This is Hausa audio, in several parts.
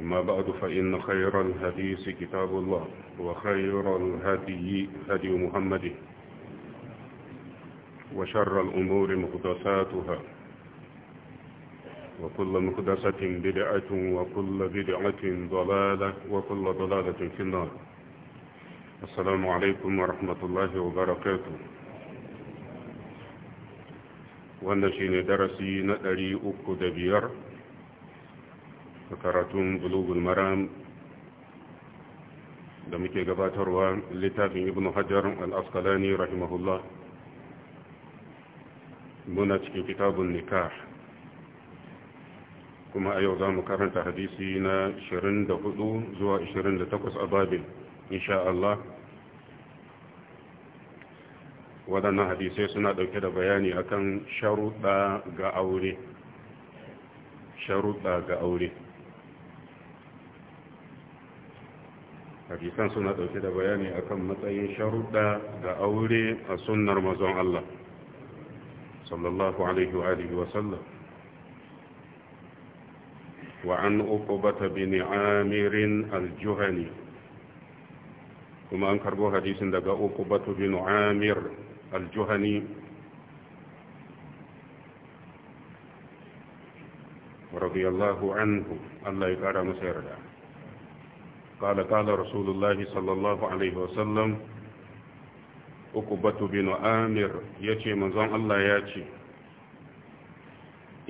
أما بعد فإن خير الحديث كتاب الله وخير الهدي هدي محمد وشر الأمور مقدساتها وكل مقدسة بدعة وكل بدعة ضلالة وكل ضلالة في النار السلام عليكم ورحمة الله وبركاته wannan درسي نأري na 305 karatun bulugun maram da muke gabatarwa littafin ibn hajar al-asqalani rahimahullah muna cikin kitabun nikah kuma a yau za mu karanta hadisi na 24 zuwa 28 a babin insha Allah waɗannan hadisai suna ɗauke da bayani akan sharuɗa ga aure sharuɗa ga aure hadisan suna dauke da bayani akan matsayin sharuɗa da aure a sunnar mazan Allah sallallahu alaihi wa alihi wa sallam wa an uqbata bin amir al-juhani kuma an karbo hadisin daga uqbata bin amir al-juhani radiyallahu anhu Allah ya kara masa yarda قال قال رسول الله صلى الله عليه وسلم أقبة بن آمر يتي منظم الله يتي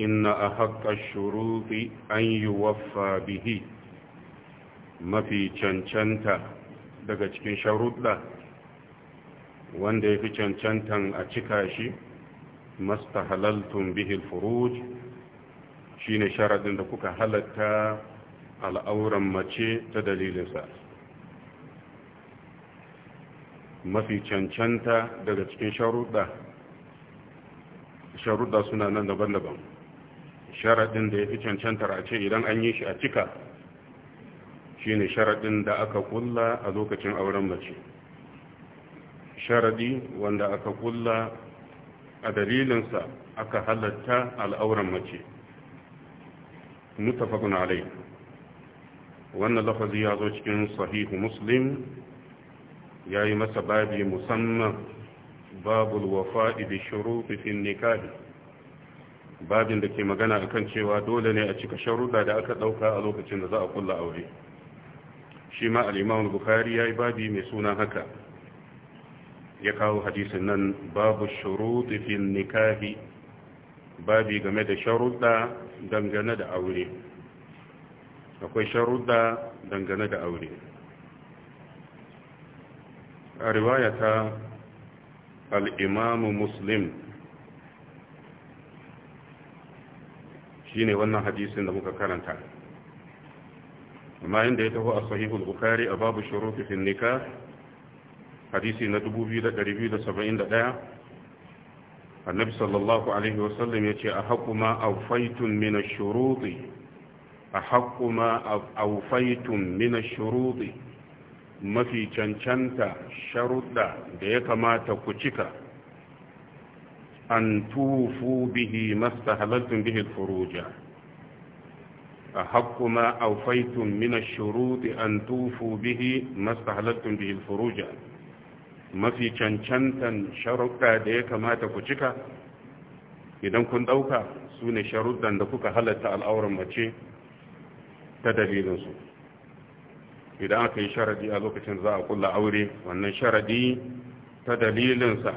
إن أحق الشروط أن يوفى به ما في چنچنتا daga cikin sharuɗa wanda ya fi cancantan a cika shi masta halaltun bihil furuj shine sharaɗin da kuka halatta al'auran mace ta dalilinsa mafi cancanta daga cikin sharuɗa sharuɗa suna nan daban-daban sharaɗin da ya fi cancantar a ce idan an yi shi a cika shi ne sharaɗin da aka kulla a lokacin auren mace sharaɗi wanda aka kulla a dalilinsa aka halatta al'auran mace mutafakun alai wannan lafazi ya zo cikin sahihu muslim ya yi masa babi musamman babul wafa'i da shuruɗi fin nikahi babin da ke magana akan cewa dole ne a cika sharuɗa da aka ɗauka a lokacin da za a kulla aure shi ma al'imamun bukari ya yi babi mai suna haka ya kawo hadisin nan babu shuru fin nikahi babi game da sharuɗa dangane da aure akwai sharuɗa dangane da aure a riwayata al'imamu muslim shi ne wannan hadisin da muka karanta amma inda ya taho a sahihul bukari a babu shurufi nika hadisi na 2271 annabi sallallahu alaihi wasallam ya ce a haƙu a aufaitun mina shuruɗi أحق ما أوفيتم من الشروط ما في چنچنتا شرطا ديكا ما تكوشكا أن توفوا به ما استهللتم به الفروج أحق ما أوفيتم من الشروط أن توفوا به ما استهللتم به الفروج ما في چنچنتا شرطا ديكا ما تكوشكا إذا كنت أوكا سوني شرطا دكوكا هلتا الأورم وشي ta dalilinsu idan aka yi sharadi a lokacin za a kulla aure wannan sharadi ta dalilinsa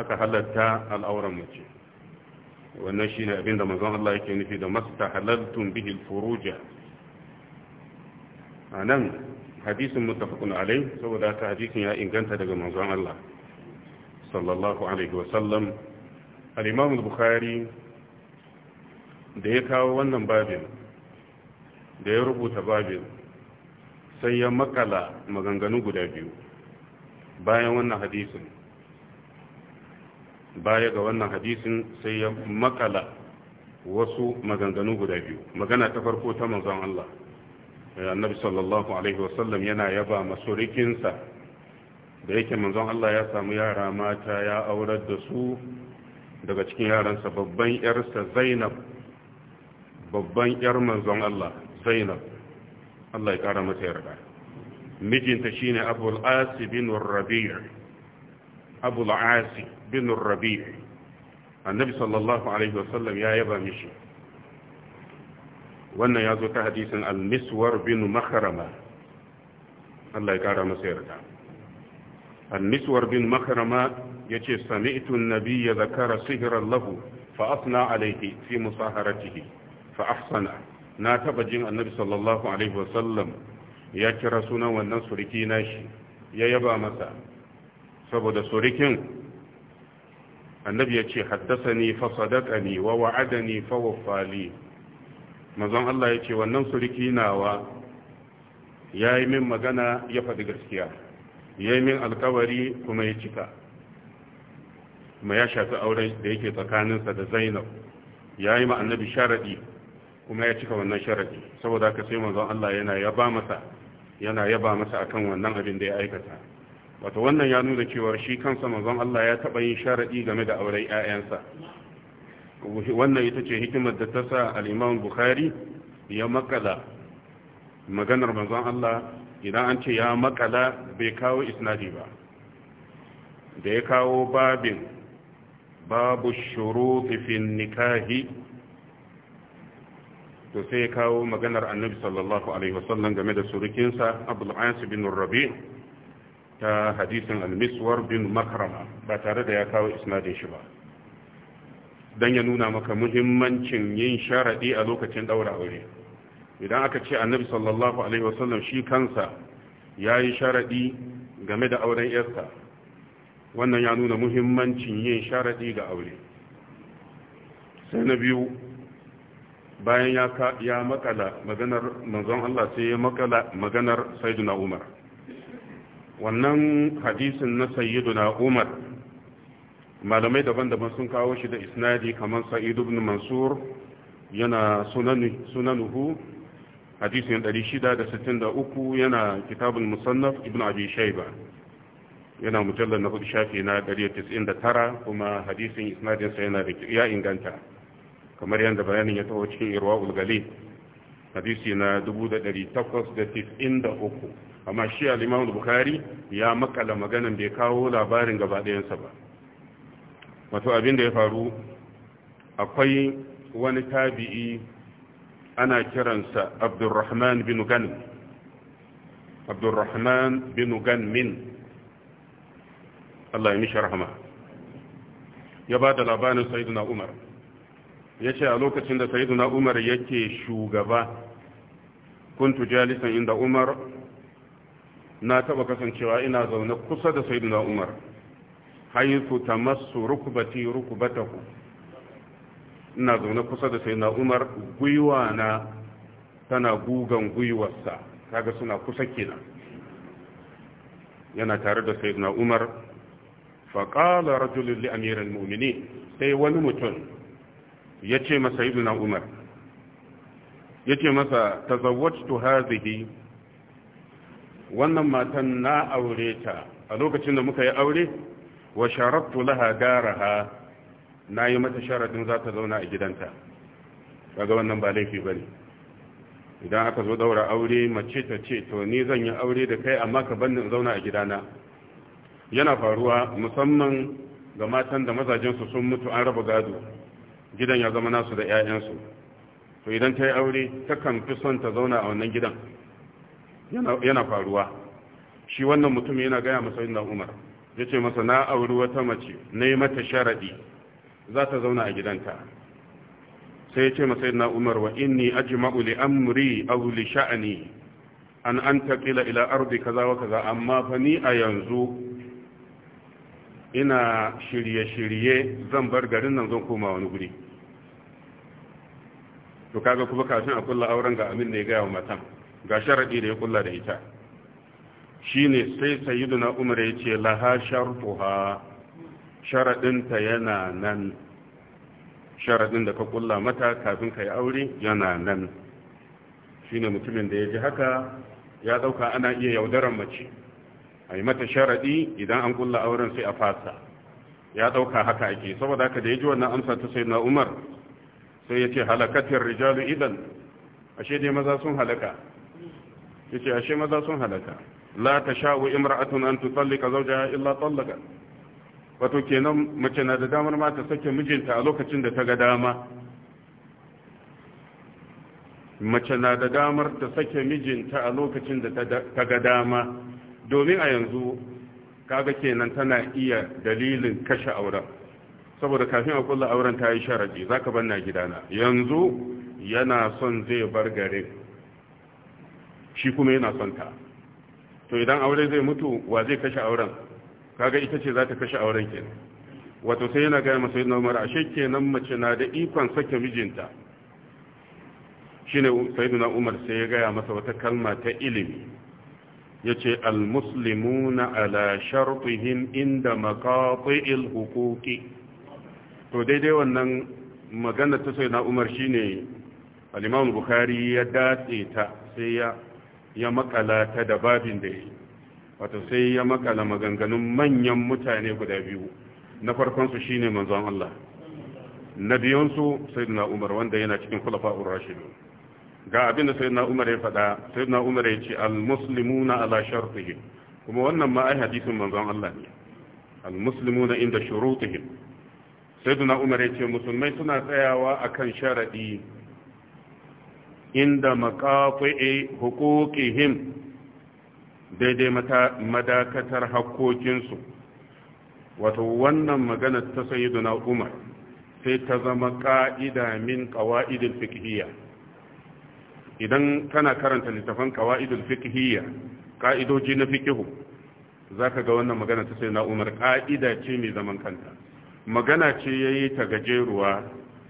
aka halatta al'auran mace wannan shine abinda manzon Allah yake nufi da mastahalaltum bihi furuja anan hadisin muttafaqun alai saboda ta hadisin ya inganta daga manzon Allah sallallahu alaihi wasallam al-imam al-bukhari da ya kawo wannan babin da ya rubuta babin sai ya makala maganganu guda biyu bayan wannan hadisin baya ga wannan hadisin sai ya makala wasu maganganu guda biyu magana ta farko ta manzon Allah eh, annabi sallallahu alaihi wasallam yana yaba masurikinsa da yake manzon Allah ya samu yara mata ya aurar da su daga cikin yaransa babban yarsa Zainab babban yar manzon Allah زينب الله يكرمك يا رب مجين تشينه ابو العاص بن الربيع ابو العاص بن الربيع النبي صلى الله عليه وسلم يا يبا مشي وانا يا ذو تحديثا المسور بن مخرمة الله يكرم سيرك المسور بن مخرمة يتي سمعت النبي ذكر صهرا له فأثنى عليه في مصاهرته فأحصنه na taba jin annabi sallallahu alaihi wasallam ya kira sunan wannan suriki nashi ya yaba masa saboda surikin annabi ya ce haddasani fa sadaqani wa wa'adani fa waffali mazan Allah ya ce wannan suriki nawa yayi min magana ya faɗi gaskiya yayi min alkawari kuma ya cika kuma ya shafi auren da yake tsakaninsa da Zainab yayi ma annabi sharaɗi kuma ya cika wannan sharadi saboda haka sai manzon Allah yana yaba masa yana yaba masa akan wannan abin da ya aikata wato wannan ya nuna cewa shi kansa manzon Allah ya taba yin sharadi game da auren ƴaƴansa wannan ita ce hikimar da ta sa al-Imam Bukhari ya makala maganar manzon Allah idan an ce ya makala bai kawo isnadi ba da ya kawo babin babu shuruti fi nikahi to sai ya kawo maganar annabi sallallahu alaihi wasallam game da surukinsa abdul ans bin rabi ta hadisin al bin makrama ba tare da ya kawo isnadin shi ba dan ya nuna maka muhimmancin yin sharaɗi a lokacin ɗaura aure idan aka ce annabi sallallahu alaihi wasallam shi kansa yayi sharaɗi game da auren yarsa wannan ya nuna muhimmancin yin sharaɗi ga aure sai na biyu bayan ya ya makala maganar manzon Allah sai ya makala maganar sayyiduna Umar wannan hadisin na sayyiduna Umar malamai daban-daban sun kawo shi da isnadi kamar sa'id ibn mansur yana sunanuhu hadisin 663 yana kitabul musannaf ibn abi shayba yana mujallar na hudu shafi na 199 kuma hadisin isnadinsa yana da ya inganta kamar yadda bayanin ya taho cikin irwa ulgali hadisi na 1893 amma shi al-imam bukhari ya makala maganar bai kawo labarin gaba ɗayansa ba wato abin da ya faru akwai wani tabi'i ana kiransa abdurrahman bin ganim abdurrahman bin Allah ya mishi rahama ya ba da labarin sayyidina umar ya ce a lokacin da na umar yake shugaba kuntu jalisan inda umar na taba kasancewa ina zaune kusa da na umar haifu ta masu rukubati rukubataku ina zaune kusa da na umar gwiwa na tana gugan gwiwarsa kaga suna kusa kenan yana tare da na umar faƙalar rajulun li amirin mumini sai wani mutum ya ce masa ibn umar ya ce masa tazawwajtu hadhihi wannan matan na aure ta a lokacin da muka yi aure wa sharattu laha garaha na yi mata sharadin za ta zauna a gidanta kaga wannan ba laifi bane idan aka zo daura aure mace ta ce to ni zan yi aure da kai amma ka ni in zauna a gidana yana faruwa musamman ga matan da mazajensu sun mutu an raba gado gidan ya zama nasu da 'ya'yansu to idan ta yi aure takan fi son ta zauna a wannan gidan yana faruwa shi wannan mutum yana gaya masa yin umar ya ce masa na auri wata mace na yi mata sharaɗi za ta zauna a gidanta sai ya ce masa yin umar wa inni aji ma'uli, amri a wuli sha'ani an taƙila ila ardi kaza wa kaza amma fa ni a yanzu ina shirye-shirye zan bar garin nan zan koma wani guri to kaga kuma kafin a kulla auren ga amin ne gaya wa matan ga sharadi da ya kulla da ita shine sai sayyiduna umar ya ce laha shartuha ta yana nan sharadin da ka kulla mata kafin ka aure yana nan shine mutumin da ya ji haka ya dauka ana iya yaudaran mace a yi mata sharadi idan an kulla auren sai a fasa ya dauka haka ake saboda haka da ya ji wannan amsa ta sayyiduna umar sai ya ce halakatin rijalu idan ashe dai maza sun halaka ya ce ashe maza sun halaka la ta sha'u imra'atun an tutallika zawjaha illa tallaka wato kenan mace na da damar ma ta sake mijinta a lokacin da ta ga dama mace na da damar ta sake mijinta a lokacin da ta ga dama domin a yanzu kaga kenan tana iya dalilin kashe auren saboda kafin a kulla auren ta yi sharadi za ka banna gidana yanzu yana son zai bar gare. shi kuma yana son ta to idan aure zai mutu wa zai kashe auren kaga ita ce za ta kashe auren ke wato sai yana gaya masa yana umar ashe ke nan mace na da ikon sake mijinta shine sayyiduna umar sai ya gaya masa wata kalma ta ilimi Ya ce yace almuslimuna ala sharfihin inda makafai huquqi to daidai wannan magana ta sai na umar shi ne imam bukhari ya datse ta sai ya ya makala ta da babin da ya yi wato sai ya makala maganganun manyan mutane guda biyu na farkon su ne manzon Allah na biyun su sayyidina Umar wanda yana cikin khulafa'ur rashidun ga abin da sayyidina Umar ya faɗa sayyidina Umar ya ce al-muslimuna ala shartihim kuma wannan ma ai hadisin manzon Allah ne al-muslimuna inda shurutihim saiduna umar ya ce musulmai suna tsayawa akan sharaɗi inda maqafi e hukukihim daidai madakatar hakokinsu wato wannan magana ta saiduna umar sai ta zama ƙa'ida min ƙawa'idin fikihiyya idan kana karanta littafin ƙawa'idin fikihiyya ƙa'idoji na za ka ga wannan magana ta sayyiduna umar ƙa'ida ce mai zaman kanta magana ce ya yi ta gajeruwa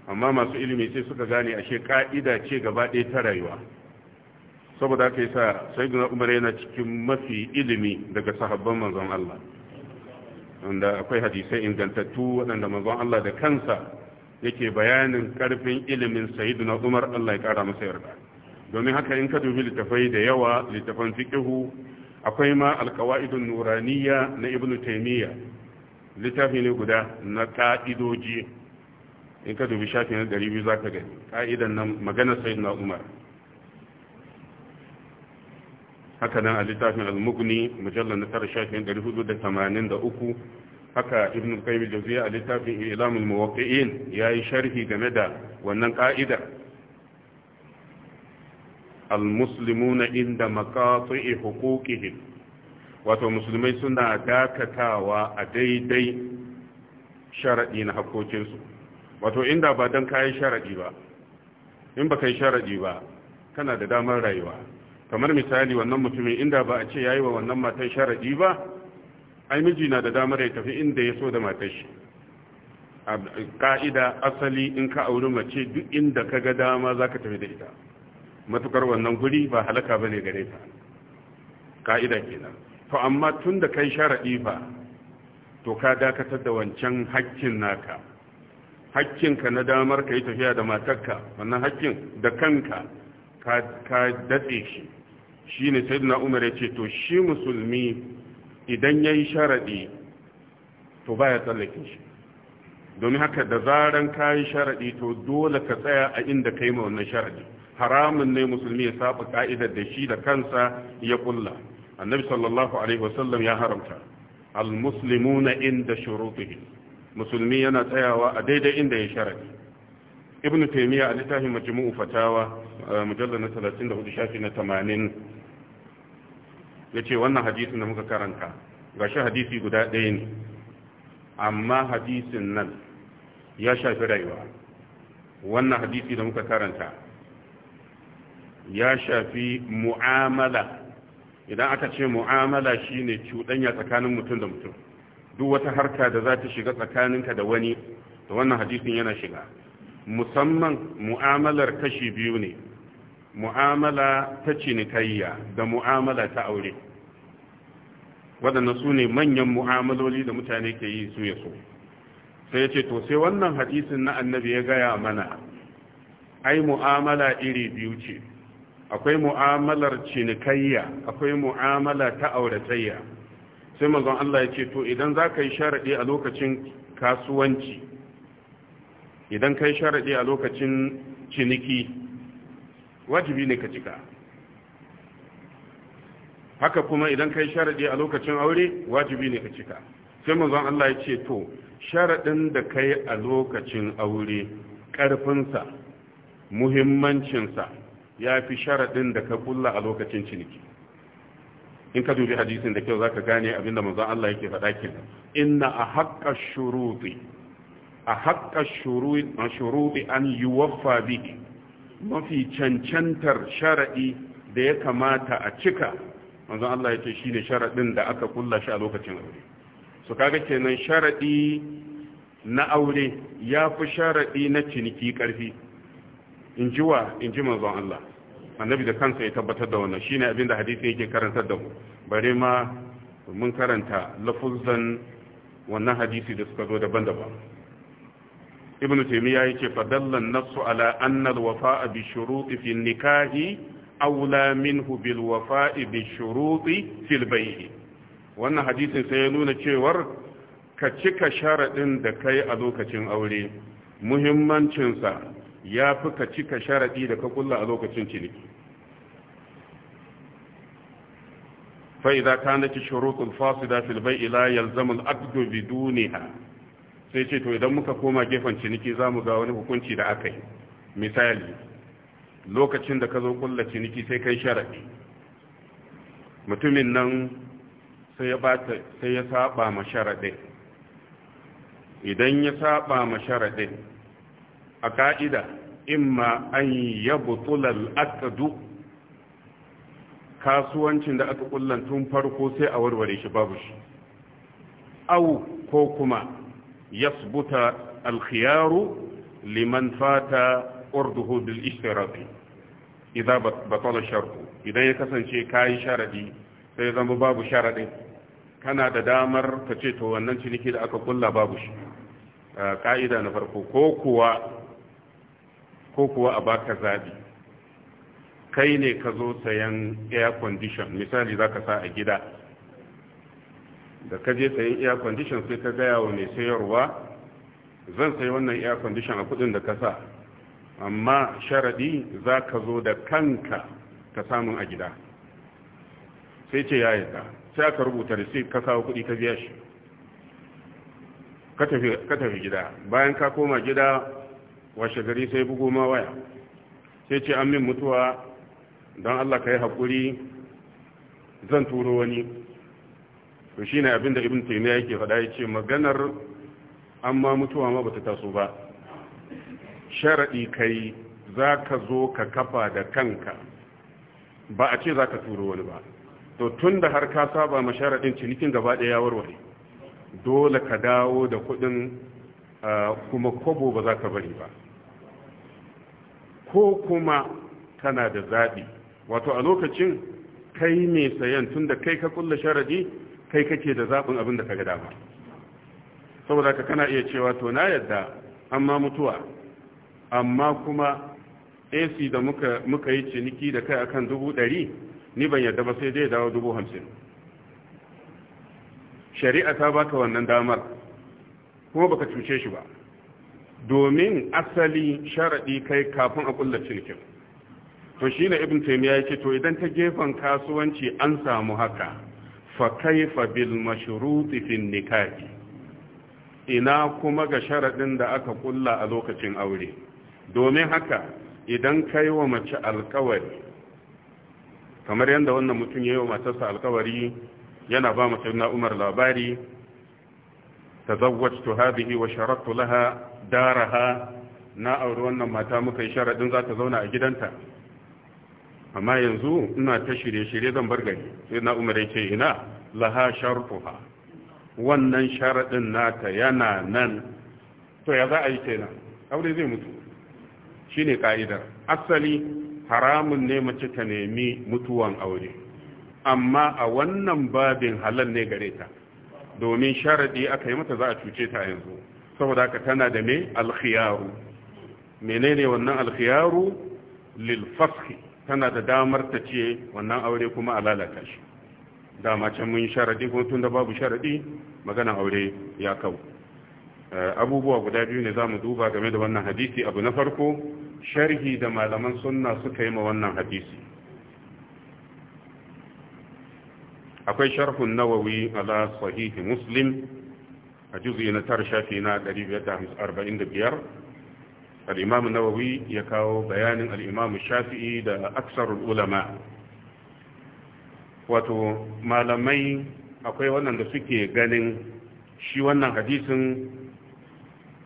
amma masu ilimi sai suka gane ashe ka'ida ce gaba ɗaya ta rayuwa saboda aka yi sa sai gina umar yana cikin mafi ilimi daga sahabban manzon Allah wanda akwai hadisai ingantattu waɗanda manzon Allah da kansa yake bayanin karfin ilimin sayyiduna umar Allah ya kara masa yarda domin haka in ka dubi littafai da yawa littafan fiqhu akwai ma alqawaidun nuraniya na ibnu taimiyya. littafi ne guda na ka'idoji in ka dubi shafi na ɗari biyu za ka gani ka'idan na maganar sayyid na umar haka nan a littafin al-mughni mujallar na tara shafin uku, haka ibn qayyim al-jawziyya a littafin ilamul muwaqqi'in yayi sharhi game da wannan ka'ida al-muslimuna inda maqati'i huquqihim wato musulmai suna dakatawa a daidai sharaɗi na hakokinsu wato inda ba don kayan sharaɗi ba in ba kai sharaɗi ba kana da damar rayuwa kamar misali wannan mutumin inda ba a ce yayi wa wannan matan sharaɗi ba ai miji na da damar ya tafi inda ya so da matar shi a ka'ida asali in ka auri mace duk inda ka ga dama za ka tafi da ita matukar wannan guri ba halaka ba ne gare ta ka'ida kenan to amma tun da kai sharaɗi ba, to ka dakatar da wancan hakkin naka hakkinka na damar ka yi tafiya da matarka wannan hakin da kanka ka datse shi shi ne sai umar ya ce to shi musulmi idan ya yi sharaɗi to ba ya tsallake shi domin haka da zarar ka yi sharaɗi to dole ka tsaya a inda ka yi ma wannan sharaɗi haramun ne musulmi ya saba ka'idar da shi da kansa ya kulla annabi sallallahu alaihi wasallam ya haramta almuslimuna inda shurutihi musulmi yana tsayawa a daidai inda ya sharadi ibn taymiya a littafin majmu'u fatawa mujallal na 34 shafi na 80 yace wannan hadisin da muka karanta gashi hadisi guda ɗaya ne amma hadisin nan ya shafi rayuwa wannan hadisi da muka karanta ya shafi mu'amala idan aka ce mu'amala shine cuɗanya tsakanin mutum da mutum duk wata harka da za ta shiga tsakaninka da wani da wannan hadisin yana shiga musamman mu'amalar kashi biyu ne mu'amala ta cinikayya da mu'amala ta aure wadannan su ne manyan mu'amaloli da mutane ke yi su ya sai ya ce to sai wannan hadisin na annabi ya gaya mana ai mu'amala iri biyu ce akwai mu'amalar cinikayya akwai mu'amala ta auratayya sai manzon Allah ya ce to idan za ka yi sharaɗi a lokacin kasuwanci idan ka yi sharaɗi a lokacin ciniki wajibi ne ka cika haka kuma idan ka yi sharaɗi a lokacin aure wajibi ne ka cika sai manzon Allah ya ce to sharaɗin da ka yi a lokacin aure ƙarfinsa muhimmancinsa ya fi sharaɗin da ka kulla a lokacin ciniki in ka dubi hadisin da kyau za ka gane abinda manzon Allah yake faɗa kenan inna a haƙƙa shuruɗi a haƙƙa shuruɗi an yi waffa bihi mafi cancantar sharaɗi da ya kamata a cika manzon Allah ya ce shi ne sharaɗin da aka kulla shi a lokacin aure so kaga kenan sharaɗi na aure ya fi sharaɗi na ciniki ƙarfi in ji wa in ji manzon Allah annabi da kansa ya tabbatar da wannan shine abinda hadisi yake karantar da mu bare ma mun karanta lafuzan wannan hadisi da suka zo daban-daban ibnu taymiya yake fadallan nasu ala anna al-wafa'a bi shuruti fi nikahi aula minhu bil wafa'i bi shuruti fil wannan hadisin sai ya nuna cewar ka cika sharaɗin da kai a lokacin aure muhimmancinsa ya fi ka cika sharaɗi da ka kulla a lokacin ciniki فإذا Fasu da الفاسدة في البيع لا يلزم العقد duniya sai ce to idan muka koma gefen ciniki za mu ga wani hukunci da aka yi misali lokacin da ka zo kulla ciniki sai kai sharaɗi mutumin nan sai ya saba ma sharaɗin idan ya saba ma sharaɗin a ka'ida imma an yabtulal aqdu kasuwancin da aka kullan tun farko sai a warware shi babu shi Au ko kuma yasbuta alkhiyaru liman fata urduhu bil ishtirati idza batala shartu idan ya kasance kayi sharadi sai zama babu sharaɗi. kana da damar ka ce to wannan ciniki da aka kulla babu shi ka'ida na farko ko kuwa ko kuwa a baka zabi kai ne ka zo sayan air condition misali za ka sa a gida da ka je sayan air condition sai ka gaya wa mai sayarwa zan sayi wannan air condition a kudin da ka sa amma sharaɗi za ka zo da kanka ka samun a gida sai ce ya yadda sai aka rubuta receipt ka kawo kudi ka biya shi ka tafi gida bayan ka koma gida washe gari sai bugu ma waya sai ce an min mutuwa don Allah ka yi haƙuri zan turo wani to shi ne abinda ibn taimiyya yake faɗa ya ce maganar an ma mutuwa ma bata taso ba sharaɗi kai za ka zo ka kafa da kanka ba a ce za ka turo wani ba to tun da har ka saba ma sharaɗin cinikin gaba ɗaya ya warware dole ka dawo da kuɗin ah, kuma kobo ba za ka bari ba ko kuma kana da zaɓi wato a lokacin kai mai sayan tun da kai ka kulla sharadi kai kake da zaɓin abin da ka ga dama saboda ka kana iya cewa to na yadda amma mutuwa amma kuma ac da muka, muka yi ciniki da kai akan dubu ɗari ni ban yadda ba sai dai dawo dubu hamsin shari'a ta baka wannan damar kuma baka cuce shi ba domin asali sharaɗi kai kafin a ƙulla cinikin to shi ne ibn taymiya yake to idan ta gefen kasuwanci an samu haka fa kaifa bil mashrut fi nikahi ina kuma ga sharaɗin da aka kulla a lokacin aure domin haka idan kai wa mace alkawari kamar yadda wannan mutum ya yi wa matarsa alkawari yana ba mace na umar labari ta zawwajtu hadhihi wa sharattu laha daraha na auri wannan mata muka yi sharaɗin za ta zauna a gidanta amma yanzu ina ta shirye-shirye zan bar gari sai na umar ce ina laha sharfuha wannan sharaɗin nata yana nan to ya za a yi kenan aure zai mutu Shi ne ƙa'idar asali haramun ne mace ta nemi mutuwan aure amma a wannan babin halal ne gare ta domin sharaɗi aka yi mata za a cuce ta yanzu saboda haka tana da me alkhiyaru menene wannan alkhiyaru lil fashi tana da damar ta ce wannan aure kuma a lalata shi dama can mun sharadi ko tun da babu sharadi maganan aure ya kau eh, abubuwa guda biyu ne zamu duba game da wannan hadisi abu na farko sharhi da malaman sunna suka yi ma wannan hadisi akwai sharhun nawawi ala sahihi muslim a juzi na tara shafi na 545 al'imam nawawi ya kawo bayanin al'imam shafi'i da aksarul ulama wato malamai akwai wannan da suke ganin shi wannan hadisin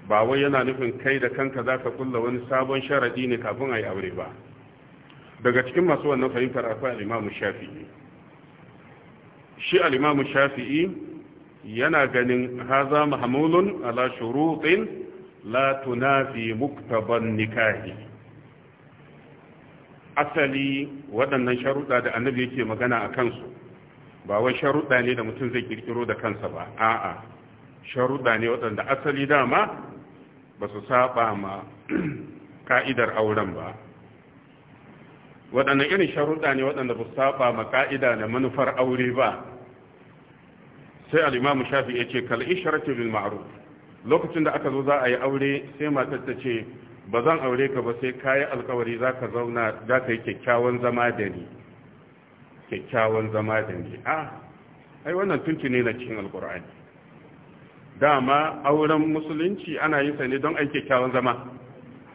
ba wai yana nufin kai da kanka za ka kulla wani sabon sharadi ne kafin a yi aure ba daga cikin masu wannan fahimtar akwai al'imamu shafi'i shi al'imamu shafi'i yana ganin haza mahmulun ala shurutin la tunafi muktaban nikahi asali waɗannan sharuɗa da annabi yake magana a kansu ba wai sharuɗa ne da mutum zai kirkiro da kansa ba a'a sharuɗa ne waɗanda asali dama ba su saba ma ka'idar auren ba waɗannan irin sharuɗa ne waɗanda ba su saba ma ka'ida da manufar aure ba sai al-imam shafi yace kal ishratu bil ma'ruf lokacin da aka zo za a yi aure sai matar ta ce ba zan aure ka ba sai kayi alkawari ka zauna ka yi kyakkyawan zama da ni kyakkyawan zama da ni a ai wannan ne na cikin alkur'ani dama auren musulunci ana yin sa ne don ai kyakkyawan zama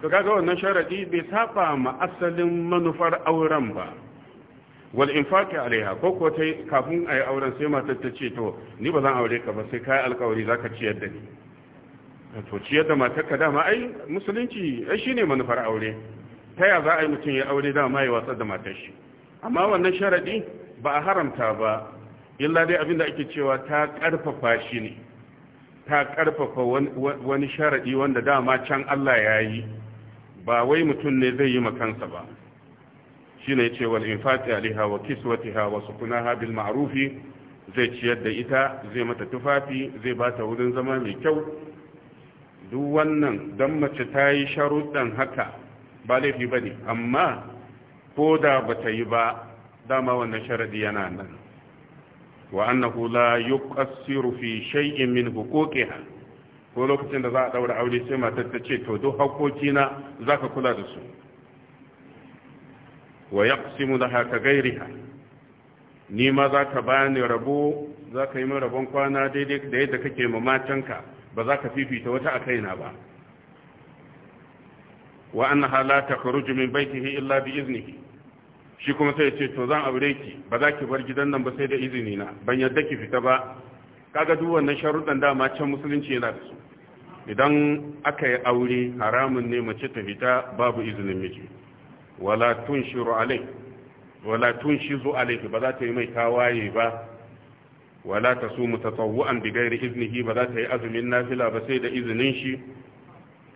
to kaga wannan sharadi bai saba ma asalin manufar auren ba wal infaqi alaiha ko ko tai kafin ayi auren sai matar ta ce to ni ba zan aure ka ba sai kai alƙawari zaka ciyar da ni to ciyar da matar ka dama ai musulunci ai shine manufar aure ta ya za a yi mutum ya aure dama ya watsar da matar shi amma wannan sharadi ba a haramta ba illa dai abinda ake cewa ta karfafa shi ne ta karfafa wani sharadi wanda dama can Allah ya yi ba wai mutum ne zai yi ma kansa ba shine yace wal infaqi alaiha wa kiswatiha wa sukunaha bil ma'rufi zai ciyar da ita zai mata tufafi zai ba ta wurin zama mai kyau duk wannan dan mace ta yi sharuɗan haka ba laifi ba ne amma ko da ba ta yi ba dama wannan sharaɗi yana nan wa annahu la yuqassiru fi shay'in min huquqiha ko lokacin da za a daura aure sai matar ta ce to duk haƙoƙina zaka kula da su wa yaqsimu laha ka gairiha ni ma za ka bayani rabo za ka yi min rabon kwana daidai da yadda kake ma ka ba za ka fifita wata a kaina ba wa annaha la takhruju min baytihi illa bi iznihi shi kuma sai ce to zan aure ki ba za ki bar gidan nan ba sai da izini na ban yadda ki fita ba kaga duk wannan sharuɗan dama can musulunci yana da su idan aka yi aure haramun ne mace ta fita babu izinin miji wala tunshiru alai wala tunshizu ba za ta yi mai tawaye ba wala ta su mu tatawu'an bi gairi iznihi ba za ta yi azumin nafila ba sai da iznin shi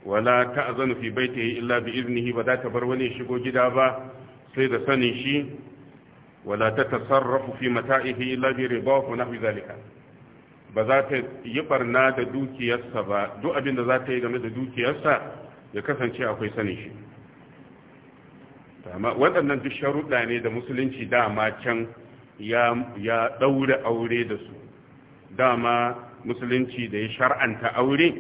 wala ta azanu fi baitihi illa bi iznihi ba za ta bar wani shigo gida ba sai da sanin shi wala ta tasarrafu fi mata'ihi illa bi ridahu nahwi zalika ba za ta yi barna da dukiyarsa ba duk abin da za ta yi game da dukiyarsa ya kasance akwai sanin shi waɗannan duk sharuɗa ne da musulunci dama can ya ɗaure aure da su dama musulunci da ya shar'anta aure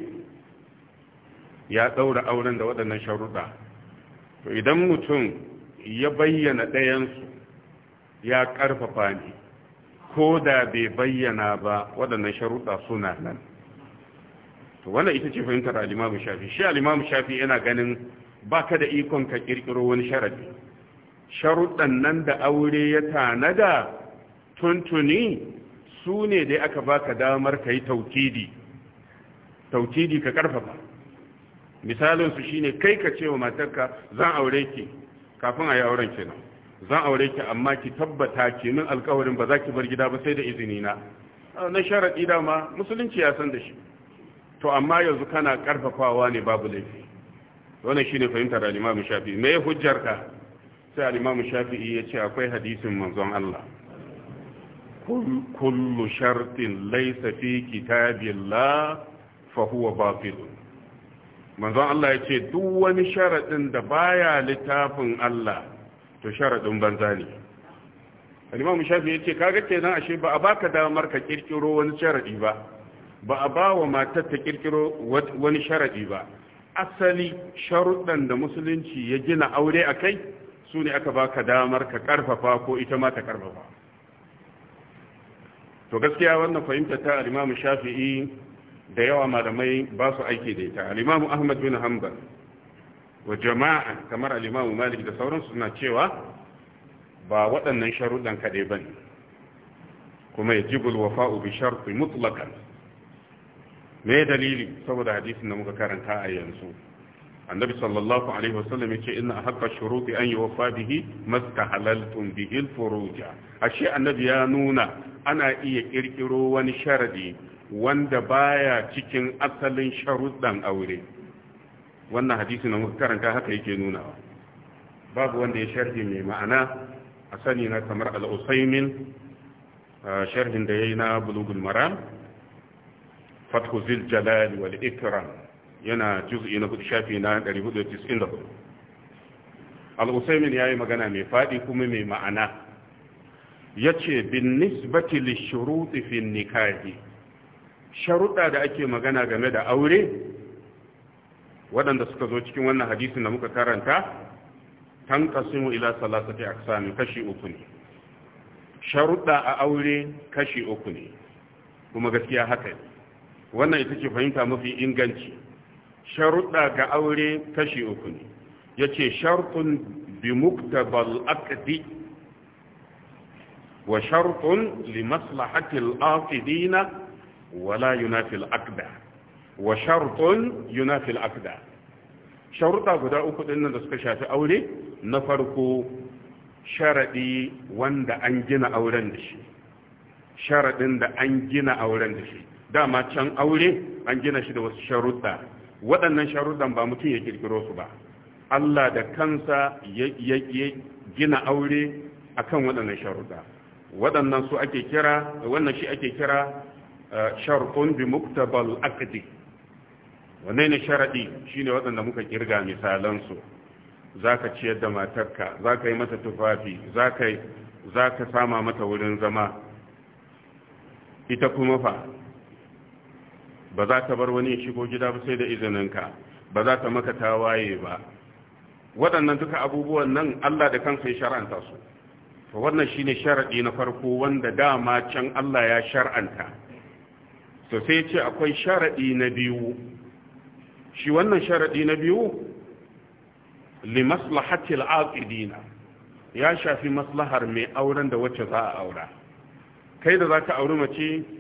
ya ɗaura auren da waɗannan sharuɗa to idan mutum ya bayyana ɗayansu ya ƙarfafa ne ko da bai bayyana ba waɗannan sharuɗa suna nan to wannan ita ce fahimtar alimamu shafi shi alimamu shafi yana ganin Ba ka da ikon ka kirkiro wani sharadi sharuɗan nan da aure ya tanada tuntuni su ne dai aka ba ka damar ka yi taukidi tautidi ka ƙarfafa misalinsu shine kai ka ce wa matarka zan aure ki kafin a yi auren kenan zan aure ki amma ki tabbata ki min alkawarin ba za ki bar gida ba sai da izini na na sharaɗi dama musulunci ya san da shi to amma yanzu kana ƙarfafawa ne babu laifi wannan shine fahimtar al-Imam Shafi'i me hujjar ka sai al-Imam Shafi'i ya ce akwai hadisin manzon Allah kullu shartin laysa fi kitabillah fa huwa batil manzon Allah ya ce duk wani sharadin da baya littafin Allah to sharadin banza ne al-Imam Shafi'i ya ce kaga kenan ashe ba a baka damar ka kirkiro wani sharadi ba ba a ba wa matar ta kirkiro wani sharadi ba asali sharuɗan da musulunci ya gina aure a kai su ne aka ba ka damar ka ƙarfafa ko ita ma ta ƙarfafa. to gaskiya wannan fahimta ta alimamu shafi'i da yawa malamai ba su aiki da ita alimamu ahmad bin hanbal wa jama'a kamar alimamu malik da sauran suna cewa ba waɗannan sharuɗan kaɗai ba ne kuma ya jibul wafa'u bi sharfi mutlakan me dalili saboda hadisin da muka karanta a yanzu annabi sallallahu alaihi wasallam haka inna haqqa shuruti an yuwaffa bihi mastahalaltum bihi furuja ashe annabi ya nuna ana iya kirkiro wani sharadi wanda baya cikin asalin sharuddan aure wannan hadisin da muka karanta haka yake nunawa babu wanda ya sharhi mai ma'ana a sani na kamar al-usaymin sharhin da yayi na bulugul maram fathu zil jalali wal ikram yana juz'i na hudu shafi na 494 al-usaymin yayi magana mai fadi kuma mai ma'ana yace bin nisbati lishurut fi nikahi sharuda da ake magana game da aure waɗanda suka zo cikin wannan hadisin da muka karanta tanqasimu ila salasati aqsam kashi uku ne sharuda a aure kashi uku ne kuma gaskiya haka ne wannan ita ce fahimta mafi inganci sharuɗa ga aure kashi uku ne ya ce shartun bi muktabal akadi wa shartun li maslahatil afidina wala yunafil aqda wa shartun yunafil aqda sharuɗa guda uku ɗin da suka shafi aure na farko sharaɗi wanda an gina auren da shi sharaɗin da an gina auren da shi dama can aure an gina shi da wasu sharuɗa waɗannan sharuɗan ba mutum ya kirkiro su ba Allah da kansa ya gina aure akan waɗannan sharuɗa waɗannan su ake kira wannan shi ake kira eh, sharuɗun bi muktabal akadi wannan ne shi shine waɗanda muka kirga misalansu. Za ka ciyar da matarka ka yi mata tufafi za ka sama mata wurin zama ita kuma fa ba za ta bar wani shigo gida ba sai da izininka ba za ta maka ta waye ba waɗannan duka abubuwan nan Allah da kansa ya shar'anta su to wannan shine sharadi na farko wanda dama can Allah ya shar'anta to sai ce akwai sharadi na biyu shi wannan sharadi na biyu li maslahati al-aqidina ya shafi maslahar mai auren da wacce za a aura kai da za ka auri mace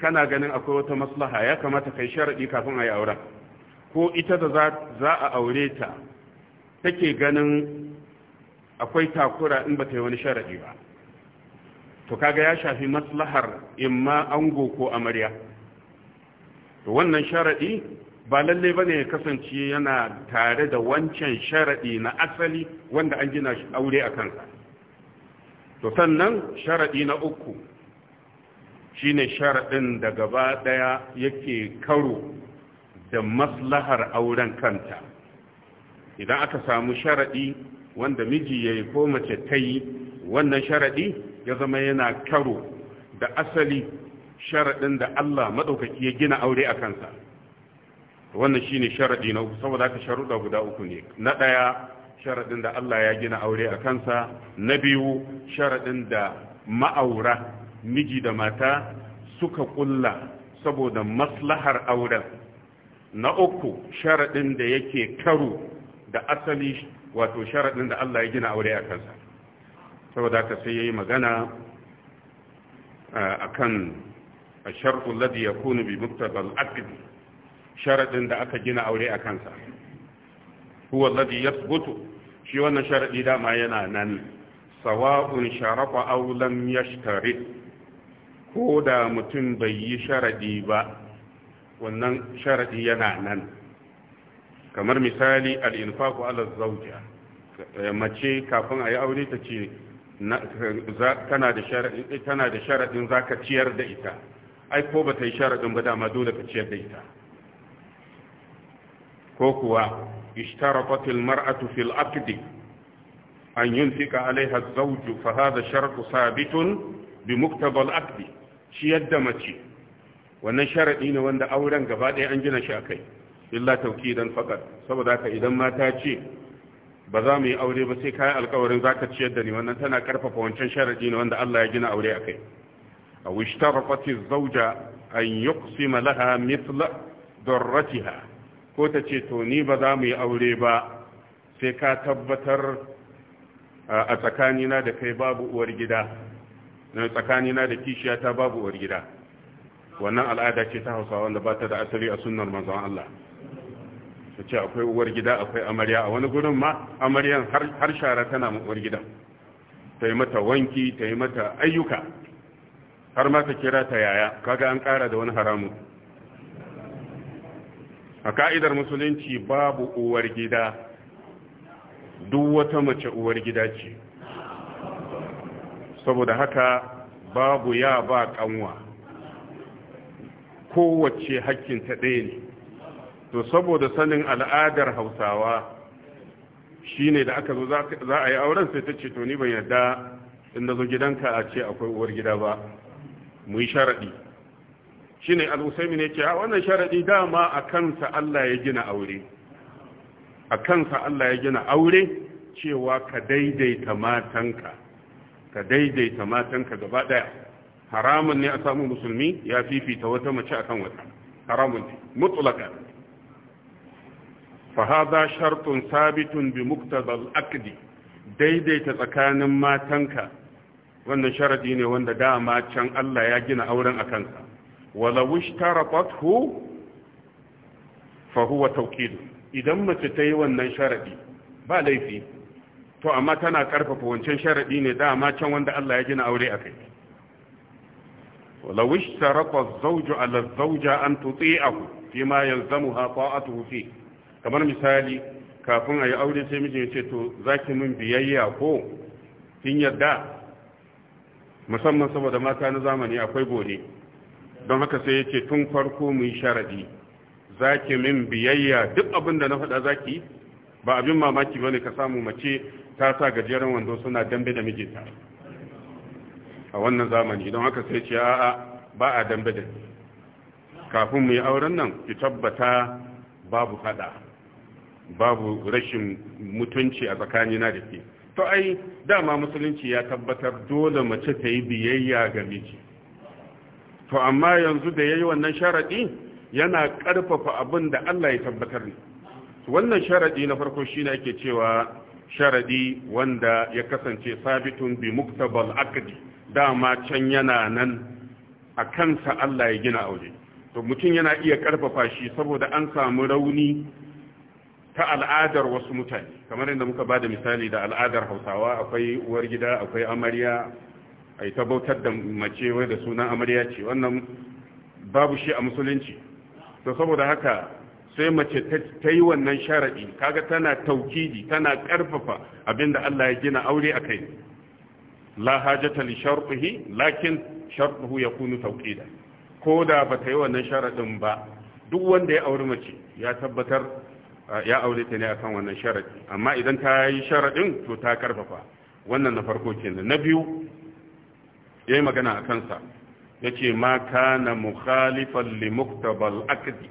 kana ganin akwai wata maslaha ya kamata kai sharaɗi kafin a yi auren ko ita da za a aure ta take ganin akwai takura in ba ta yi wani sharaɗi ba to kaga ya shafi maslahar imma ango ko amarya to wannan sharaɗi, ba lalle bane ya kasance yana tare da wancan sharaɗi na asali wanda an gina aure a kansa to sannan sharaɗi na uku shine sharaɗin da gaba ɗaya yake karo da maslahar auren kanta idan aka samu sharaɗi wanda miji ya yi ko mace ta yi wannan sharaɗi ya zama yana karo da asali sharaɗin da Allah maɗaukaki ya gina aure a kansa wannan shine sharaɗi na uku saboda haka sharuɗa guda uku ne na ɗaya sharaɗin da Allah ya gina aure a kansa na biyu sharaɗin da ma'aura miji da mata suka kulla saboda maslahar auren na uku sharaɗin da yake karo da asali wato sharaɗin da Allah ya gina aure a kansa saboda ka sai ya yi magana eh, a kan sharɗin ladi ya kunu bi muktabal aqdi sharaɗin da aka gina aure a kansa huwa ladi ya shi wannan sharaɗi dama yana nan sawa'un sharafa aw lam yashtarit ko da mutum bai yi sharadi ba wannan sharadi yana nan kamar misali al'infaku ala zauja mace kafin a yi aure ta ce tana da sharadin za ka ciyar da ita ai ko ba ta yi sharadin ba dama dole ka ciyar da ita ko kuwa ishtarafatil mar'atu fil aqdi an yunfika alaiha zauju fa hada shartu sabitun bi muktabal akdi ciyar da mace wannan sharaɗi ne wanda auren gaba ɗaya an gina shi akai illa taukidan faqat saboda haka idan mata ce ba za mu yi aure ba sai kai alƙawarin zaka ciyar da ni wannan tana karfafa wancan sharaɗi ne wanda Allah ya gina aure akai aw ishtarafat az-zawja an yuqsima laha mithla darratiha ko ta ce to ni ba za mu yi aure ba sai ka tabbatar a tsakanina da kai babu uwar gida Na tsakanina da kishiya ta babu uwargida. wannan al'ada ce ta Hausawa wanda ba ta da asali a sunnar manzon Allah ta ce akwai uwar akwai amarya a wani gurin ma amaryan har shara tana uwar gida ta yi mata wanki ta yi mata ayyuka har ma ta kira ta yaya kaga an kara da wani haramu a ka'idar musulunci babu uwar gida duk wata mace uwar gida ce saboda haka babu ya ba kanwa kowace hakkin ta ɗaya ne to saboda sanin al'adar hausawa shine da aka zo za a yi auren sai ta ce to ni ban yarda in nazo zo gidanka a ce akwai uwar gida ba mu yi sharaɗi shi ne al'usaimi ne ce a wannan sharaɗi dama a kansa Allah ya gina aure a kansa Allah ya gina aure cewa ka daidaita matanka ka daidaita matanka gaba daya haramun ne a samun musulmi ya fifita wata mace akan wata haramun ne mutlaka fahaza hadha shartun sabitun bi muqtada al daidaita tsakanin matanka wannan sharadi ne wanda dama can Allah ya gina auren akan sa wala wishtaraqathu fa huwa tawkid idan mace ta yi wannan sharadi ba laifi to amma tana karfafa wancan sharadi ne dama can wanda Allah ya gina aure a kai. walau ishtarata az-zawju ala az-zawja an tuti'ahu fima yalzamuha ta'atuhu fi kamar misali kafin ayi aure sai miji ya ce to zaki min biyayya ko kin yadda musamman saboda mata na zamani akwai gode don haka sai yace tun farko mu yi sharadi zaki min biyayya duk abinda na faɗa zaki ba abin mamaki ba ne ka samu mace ta sa gajeren wando suna dambe da mijinta a wannan zamani don haka sai ce a'a ba a dambe da kafin mu yi auren nan ki tabbata babu fada babu rashin mutunci a tsakanina da ke to ai dama musulunci ya tabbatar dole mace ta yi biyayya ga miji to amma yanzu da yayi wannan sharadi yana karfafa abin da Allah ya tabbatar ne wannan sharadi na farko shi shine ake cewa sharadi wanda ya kasance sabitun bi muktabal akadi dama can yana nan a kansa Allah ya gina aure to mutum yana iya karfafa shi saboda an samu rauni ta al'adar wasu mutane kamar yadda muka bada misali da al'adar Hausawa akwai uwar gida akwai amarya a ta bautar da mace wai da sunan amarya ce wannan babu shi a musulunci to saboda haka sai mace ta yi wannan sharaɗi kaga tana taukidi tana ƙarfafa abinda Allah ya gina aure a kai la hajata li lakin sharɗuhu ya kunu ko da ba ta yi wannan sharaɗin ba duk wanda ya auri mace ya tabbatar ya aure ta ne akan wannan sharaɗi amma idan ta yi sharaɗin to ta ƙarfafa wannan na farko kenan na biyu ya yi magana a kansa ya ce ma kana mukhalifan li muktabal akdi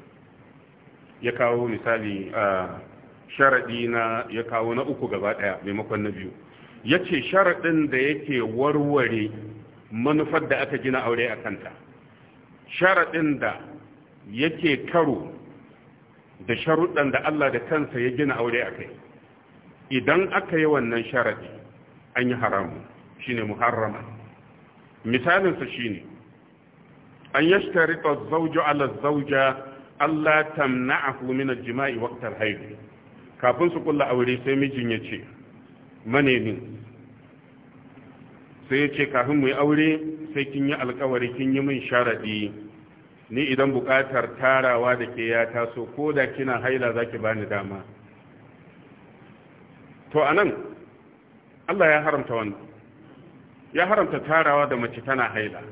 ya kawo misali a sharaɗi na ya kawo na uku gaba ɗaya maimakon na biyu ya ce sharaɗin da yake warware manufar da aka gina aure a kanta sharaɗin da yake karo da sharuɗan da Allah da kansa ya gina aure a kai idan aka yi wannan sharaɗi an yi haramu ne muharrama misalinsa ne an ta zauja ala zauja Allah tamna tamna'ahu min jimai waktar haihu. kafin su kulla aure sai mijin ya ce manemin sai ya ce kafin mu yi aure sai kin yi alkawari kin yi min sharadi ni idan buƙatar tarawa da ke ya taso ko da kina haila zaki bani dama to anan Allah ya haramta wannan ya haramta tarawa da mace tana haila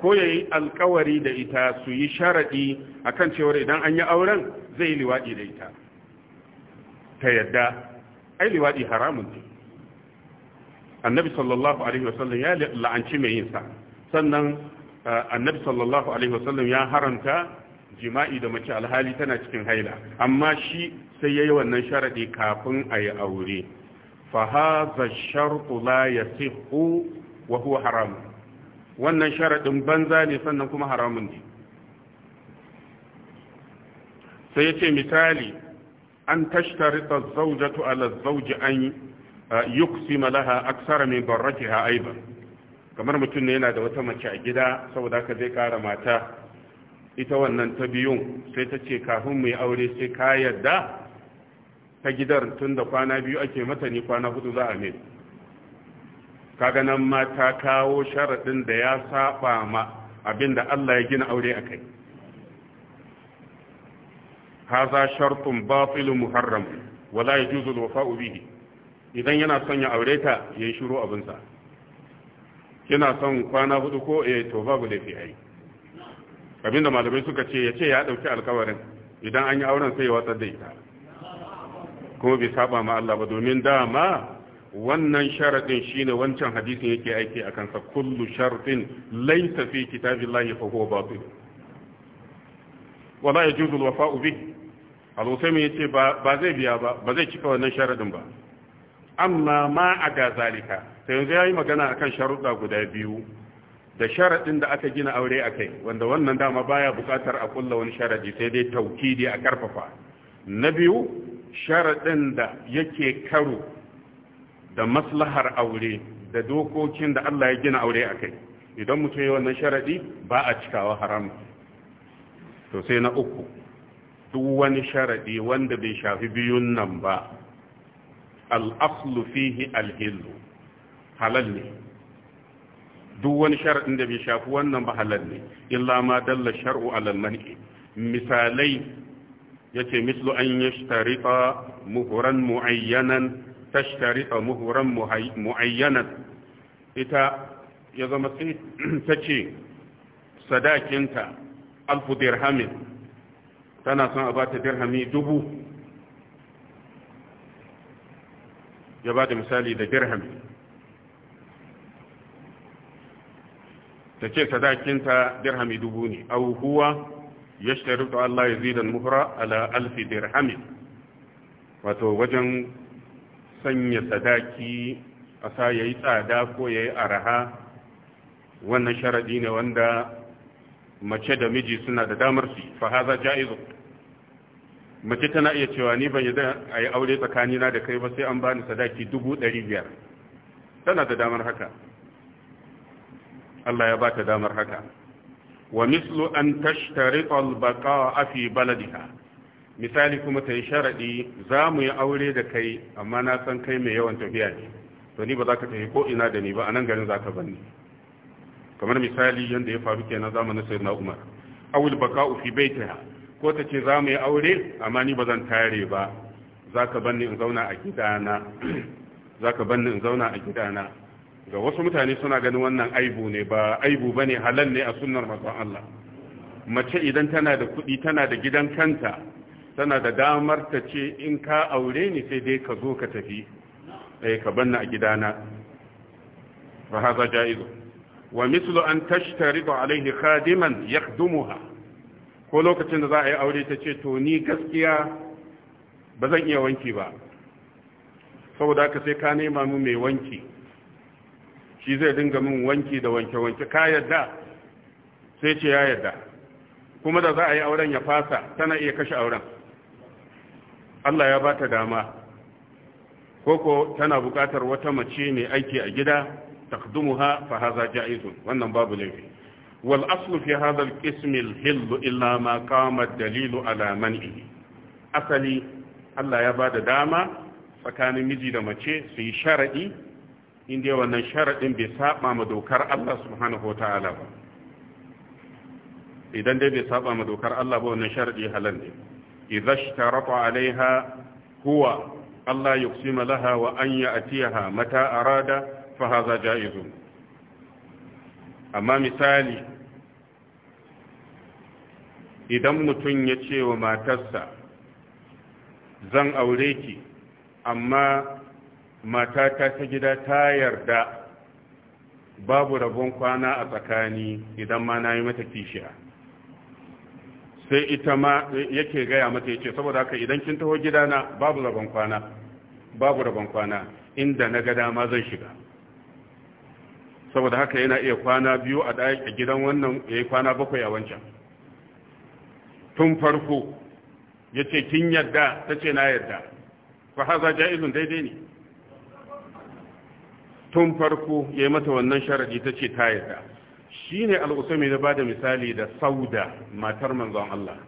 ko ya yi alkawari da ita su yi sharaɗi a kan cewar idan an yi auren zai yi liwaɗi da ita ta yadda ai liwaɗi haramun ne annabi sallallahu alaihi wasallam ya la'anci mai yin sa sannan annabi sallallahu alaihi wasallam ya haramta jima'i da mace alhali tana cikin haila amma shi sai yayi wannan sharadi kafin a yi aure fa hadha ash-shartu la wa huwa haram wannan sharaɗin banza ne sannan kuma haramun ne sai ya ce misali an tashtarita zaujatu ala zauji an a laha aksara min ha aiban kamar mutum ne yana da wata mace a gida saboda ka zai kara mata ita wannan ta biyun sai ta ce kafin mu aure sai ka yarda ta gidan tun da kwana biyu ake mata ni kwana hudu za a mai kaga nan ma ta kawo sharaɗin da ya saba ma abinda Allah ya gina aure a kai haza shartun bafilin muharram wala yajuzu alwafa'u bihi idan yana son ya aure ta yayi shiru abinsa kina son kwana hudu ko eh to babu da fi ai abinda malamai suka ce ya ce ya ɗauki alkawarin idan an yi auren sai ya watsar da ita kuma bai saba ma Allah ba domin dama wannan sharadin shine wancan hadisin yake aiki akan sa kullu sharadin laysa fi kitabillahi fa huwa batil wala yajuzu alwafa'u bi al-usaymi yace ba ba zai biya ba ba zai cika wannan sharadin ba amma ma a Gazalika. zalika ta yanzu ya yi magana akan kan sharuɗa guda biyu da sharaɗin da aka gina aure a kai wanda wannan dama baya buƙatar a kullu wani sharaɗi sai dai taukidi a karfafa na biyu sharaɗin da yake karo da maslahar aure da dokokin da Allah ya gina aure a kai idan mutum yi wannan sharaɗi, ba a cikawa haram to sai na uku duk wani sharaɗi wanda bai shafi biyun nan ba al'aflu fihi alhillu halal ne duk wani sharaɗin da bai shafi wannan ba halal ne illa ma dalla shar'u alal man'i misalai yace mislu an yashtarita muhran muayyanan tashtari'a muhuran mu'ayyanan ita ya zama sai ta ce sadakinta alfu dirhamin tana son a ba ta dirhami dubu ya ba da misali da dirhami ta ce sadakinta dirhami dubu ne au huwa ya shi Allah ya zidan muhura ala alfi dirhamin wato wajen sanya sadaki a sa ya yi tsada ko ya yi araha wannan sharaɗi ne wanda mace da miji suna da damar su fa haza ja'izu mace tana iya cewa ni ban yadda a yi aure tsakanina da kai ba sai an bani sadaki dubu ɗari biyar tana da damar haka Allah ya ba ta damar haka wa mislu an tashtarita al-baqa'a fi baladiha misali kuma ta yi sharaɗi za mu yi aure da kai amma na san kai mai yawan tafiya ne to ni ba za ka tafi ko ina da ni ba a nan garin za ka banne. kamar misali yadda ya faru kenan zamanin sayar na umar awul baka ufi bai baita ko ta ce za mu yi aure amma ni ba zan tare ba za ka banne in zauna a gidana za ka banne in zauna a gidana ga wasu mutane suna ganin wannan aibu ne ba aibu ba ne halal ne a sunnar mazan Allah mace idan tana da kuɗi tana da gidan kanta tana da damar ta ce in ka aure ni sai dai ka zo ka tafi eh ka banna a gidana fa hadha jaizo wa mislu an tashtaridu alaihi khadiman yakhdumuha ko lokacin da za a yi aure ta ce to ni gaskiya ba zan iya wanki ba saboda ka sai ka nema mu mai wanki shi zai dinga min wanki da wanke-wanke ka yadda sai ce ya yadda kuma da za a yi auren ya fasa tana iya kashe auren Allah ya ba ta dama koko tana buƙatar wata mace mai aiki a gida takdumuha fa haza ja'izun wannan babu laifi wal aslu fi hadha al qism al hill illa ma qama dalil ala man'i asali Allah ya bada dama tsakanin miji da mace su yi sharadi dai wannan sharadin bai saba ma dokar Allah subhanahu wataala ba idan dai bai saba ma dokar Allah ba wannan sharadi halal ne idza ishtarata alaiha huwa Allah yuqsima laha wa an ya'tiha mata arada fa hadha jaizun amma misali idan mutum ya ce wa matarsa zan aure ki amma matata ta gida ta yarda babu rabon kwana a tsakani idan ma na yi mata kishiya sai ita ma yake gaya mata yace saboda haka idan kin taho gidana babu rabon kwana babu rabon kwana inda na ga dama zan shiga saboda haka yana iya kwana biyu a a gidan wannan yayi kwana bakwai a wancan tun farko yace kin yadda tace na yadda fa haza jaizun daidai ne tun farko yayi mata wannan sharadi tace ta yadda shine al ba da bada misali da sauda matar manzon Allah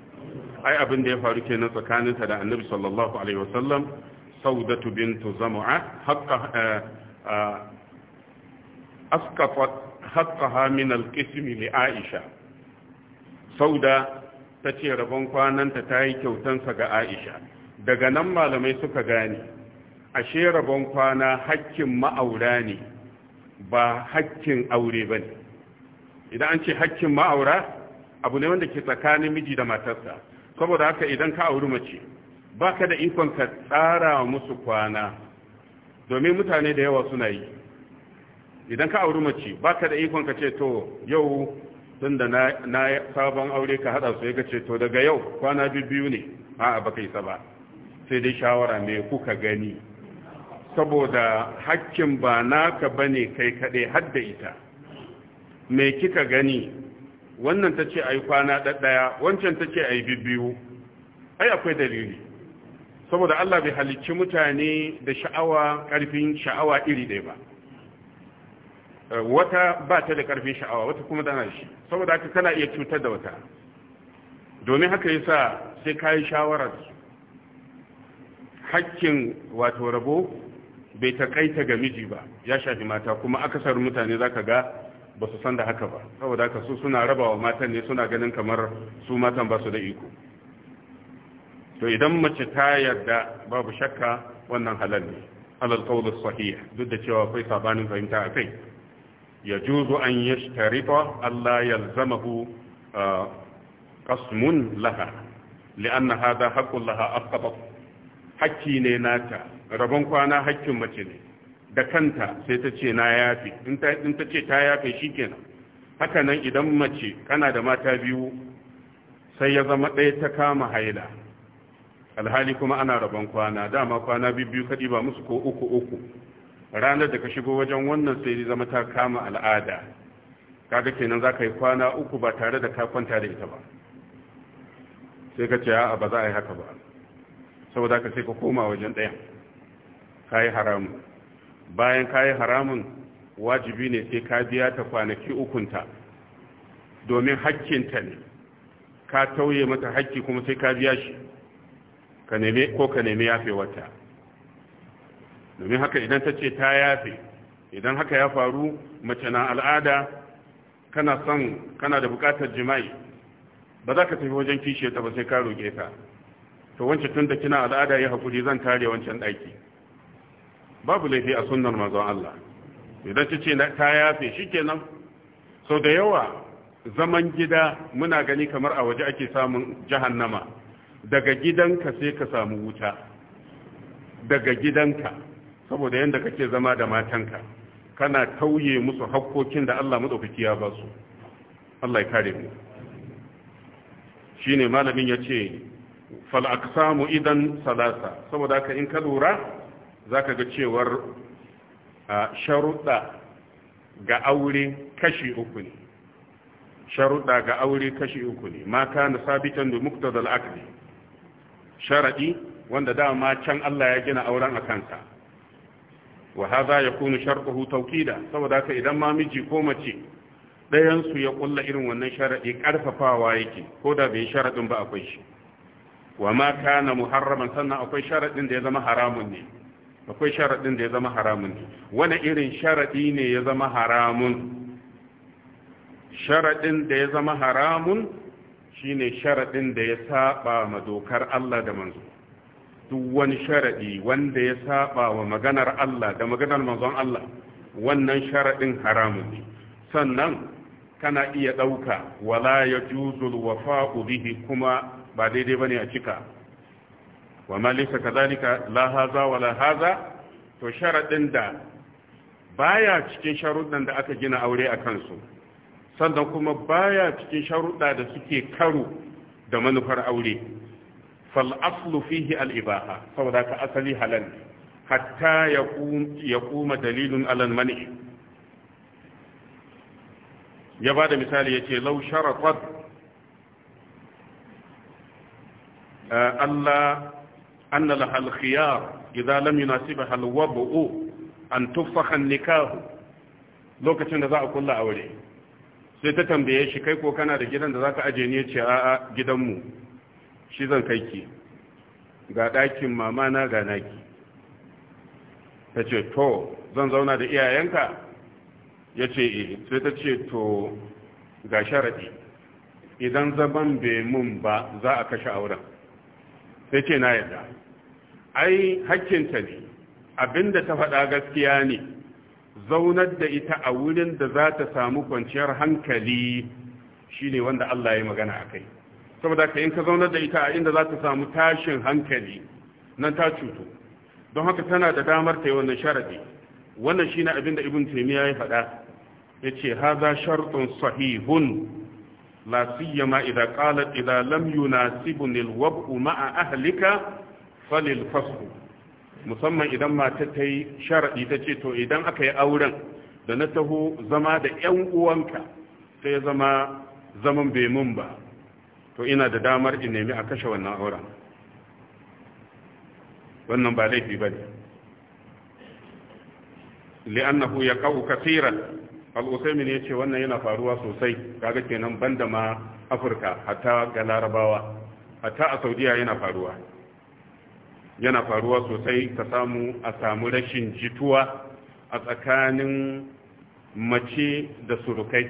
ai abin da ya faru kenan tsakaninta da annabi sallallahu alaihi wasallam saudatu bintu zam'a haqqa eh, eh, asqafat haqqaha min al-qism li aisha sauda tace rabon kwananta tayi kyautansa ga aisha daga nan malamai suka gane ashe rabon kwana hakkin ma'aura ne ba hakkin aure bane idan an ce hakkin ma'aura abu ne wanda ke tsakanin miji da matarsa saboda haka idan ka auri mace baka da ikon ka tsara musu kwana domin mutane da yawa suna yi idan ka auri mace baka da ikon ka ce to yau tun da na sabon aure ka haɗa su ya ce to daga yau kwana biyu ne a baka isa ba sai dai shawara me kuka gani saboda hakkin ba naka bane kai kaɗai hadda ita me kika gani wannan ta ce a yi kwana ɗaɗɗaya wancan ta ce a yi bibbiyu ai akwai dalili saboda Allah bai halicci mutane da sha'awa ƙarfin sha'awa iri ɗaya ba eh, wata ba ta da ƙarfin sha'awa wata kuma tana shi saboda haka kana iya cutar da wata domin haka yasa sai ka yi shawarar hakkin wato rabo bai taƙaita ga miji ba ya shafi mata kuma akasar mutane za ka ga ba su san da haka ba saboda haka su suna rabawa matan ne suna ganin kamar su matan ba su da iko to idan mace ta yarda babu shakka wannan halal ne alal duk da cewa akwai sabanin fahimta Ya yajuzu an yashtarita Allah yalzamahu uh, qasmun laha na hadha haqqul laha aqaba hakki ne nata rabon kwana hakkin mace ne da kanta sai ta ce na yafe in ta ce ta yafe shi kenan haka idan mace kana da mata biyu sai ya zama ɗaya ta kama haila alhali kuma ana rabon kwana dama kwana biyu kaɗi ba musu ko uku uku ranar da ka shigo wajen wannan sai ya zama ta kama al'ada kaga kenan za ka yi kwana uku ba tare da ka kwanta da ita ba sai ka ce a ba za a yi haka ba saboda ka sai ka koma wajen ɗaya. ka yi haramu bayan ka yi haramun wajibi ne sai ka biya ta kwanaki ukunta domin hakkinta ne ka tauye mata hakki kuma sai ka biya shi ko ka nemi yafe wata domin haka idan ta ce ta yafe idan haka ya faru mace na al'ada kana son kana da bukatar jima'i ba za ka tafi wajen kishiyarta ta ba sai ka roƙe ta to wancan tun da kina al'ada ya haƙuri zan tare wancan ɗaki babu laifi a sunnar manzon Allah idan ta ce ta yafe shi kenan sau da yawa zaman gida muna gani kamar a waje ake samun jahannama daga gidanka sai ka samu wuta daga gidanka saboda yadda kake zama da matanka kana tauye musu hakkokin da Allah maɗaukaki ya ba su Allah ya kare mu shine malamin ya ce fal aqsamu idan salasa saboda haka in ka lura za ka ga cewar sharuɗa ga aure kashi uku ne sharuɗa ga aure kashi uku ne Maka na sabitan da muktadal sharaɗi wanda dama can Allah ya gina auren a kanta. wa haza ya kunu sharɗuhu taukida saboda ka idan ma miji ko mace ɗayansu ya ƙulla irin wannan sharaɗi ƙarfafawa yake ko da bai sharaɗin ba akwai shi wa ma kana muharraman sannan akwai sharaɗin da ya zama haramun ne akwai sharaɗin da ya zama haramun wani irin sharaɗi ne ya zama haramun sharaɗin da ya zama haramun shine sharaɗin da ya saba ma dokar Allah da manzo duk wani sharaɗi wanda ya saba wa maganar Allah da maganar manzon Allah wannan sharaɗin haramun ne sannan kana iya ɗauka wala ya juzul bihi kuma ba daidai bane a cika wa ma laysa la haza wala haza to sharadin da baya cikin sharuɗan da aka gina aure a kansu sannan kuma baya cikin sharuɗa da suke karu da manufar aure fal aslu fihi al ibaha saboda ka asali halal hatta ya kuma dalilun alal mani ya ba da misali ya ce lau eh, Allah أن لها الخيار إذا لم يناسبها الوضع أن تفخ النكاه lokacin da za a kulla aure sai ta tambaye shi kai ko kana da gidan da za ka aje ne ce a'a gidanmu shi zan kai ki ga ɗakin mama na ga naki ce to zan zauna da iyayenka ya ce sai ta ce to ga sharaɗi idan zaman bai mun ba za a kashe auren sai ce na yarda. ai hakkinta ne abinda ta faɗa gaskiya ne zaunar da ita a wurin da za ta samu kwanciyar hankali shine wanda Allah ya magana a kai saboda ka in ka zaunar da ita a inda za ta samu tashin hankali nan ta cutu don haka tana da damar ta yi wannan sharadi wannan shine abinda ibn taymiya ya faɗa Ya ce haza shartun sahihun la siyama idza qalat idza lam yunasibni alwab'u ma'a ahlika falil fasl musamman idan mata ta yi sharadi ta ce to idan aka yi auren da na taho zama da yan uwanka sai zama zaman bai mun ba to ina da damar in nemi a kashe wannan auren wannan ba laifi bane li'annahu yaqau kaseeran al'usaimin ya ce wannan yana faruwa sosai kaga kenan banda ma afirka hatta ga larabawa hatta a saudiya yana faruwa yana faruwa sosai ka samu a samu rashin jituwa a tsakanin mace da surukai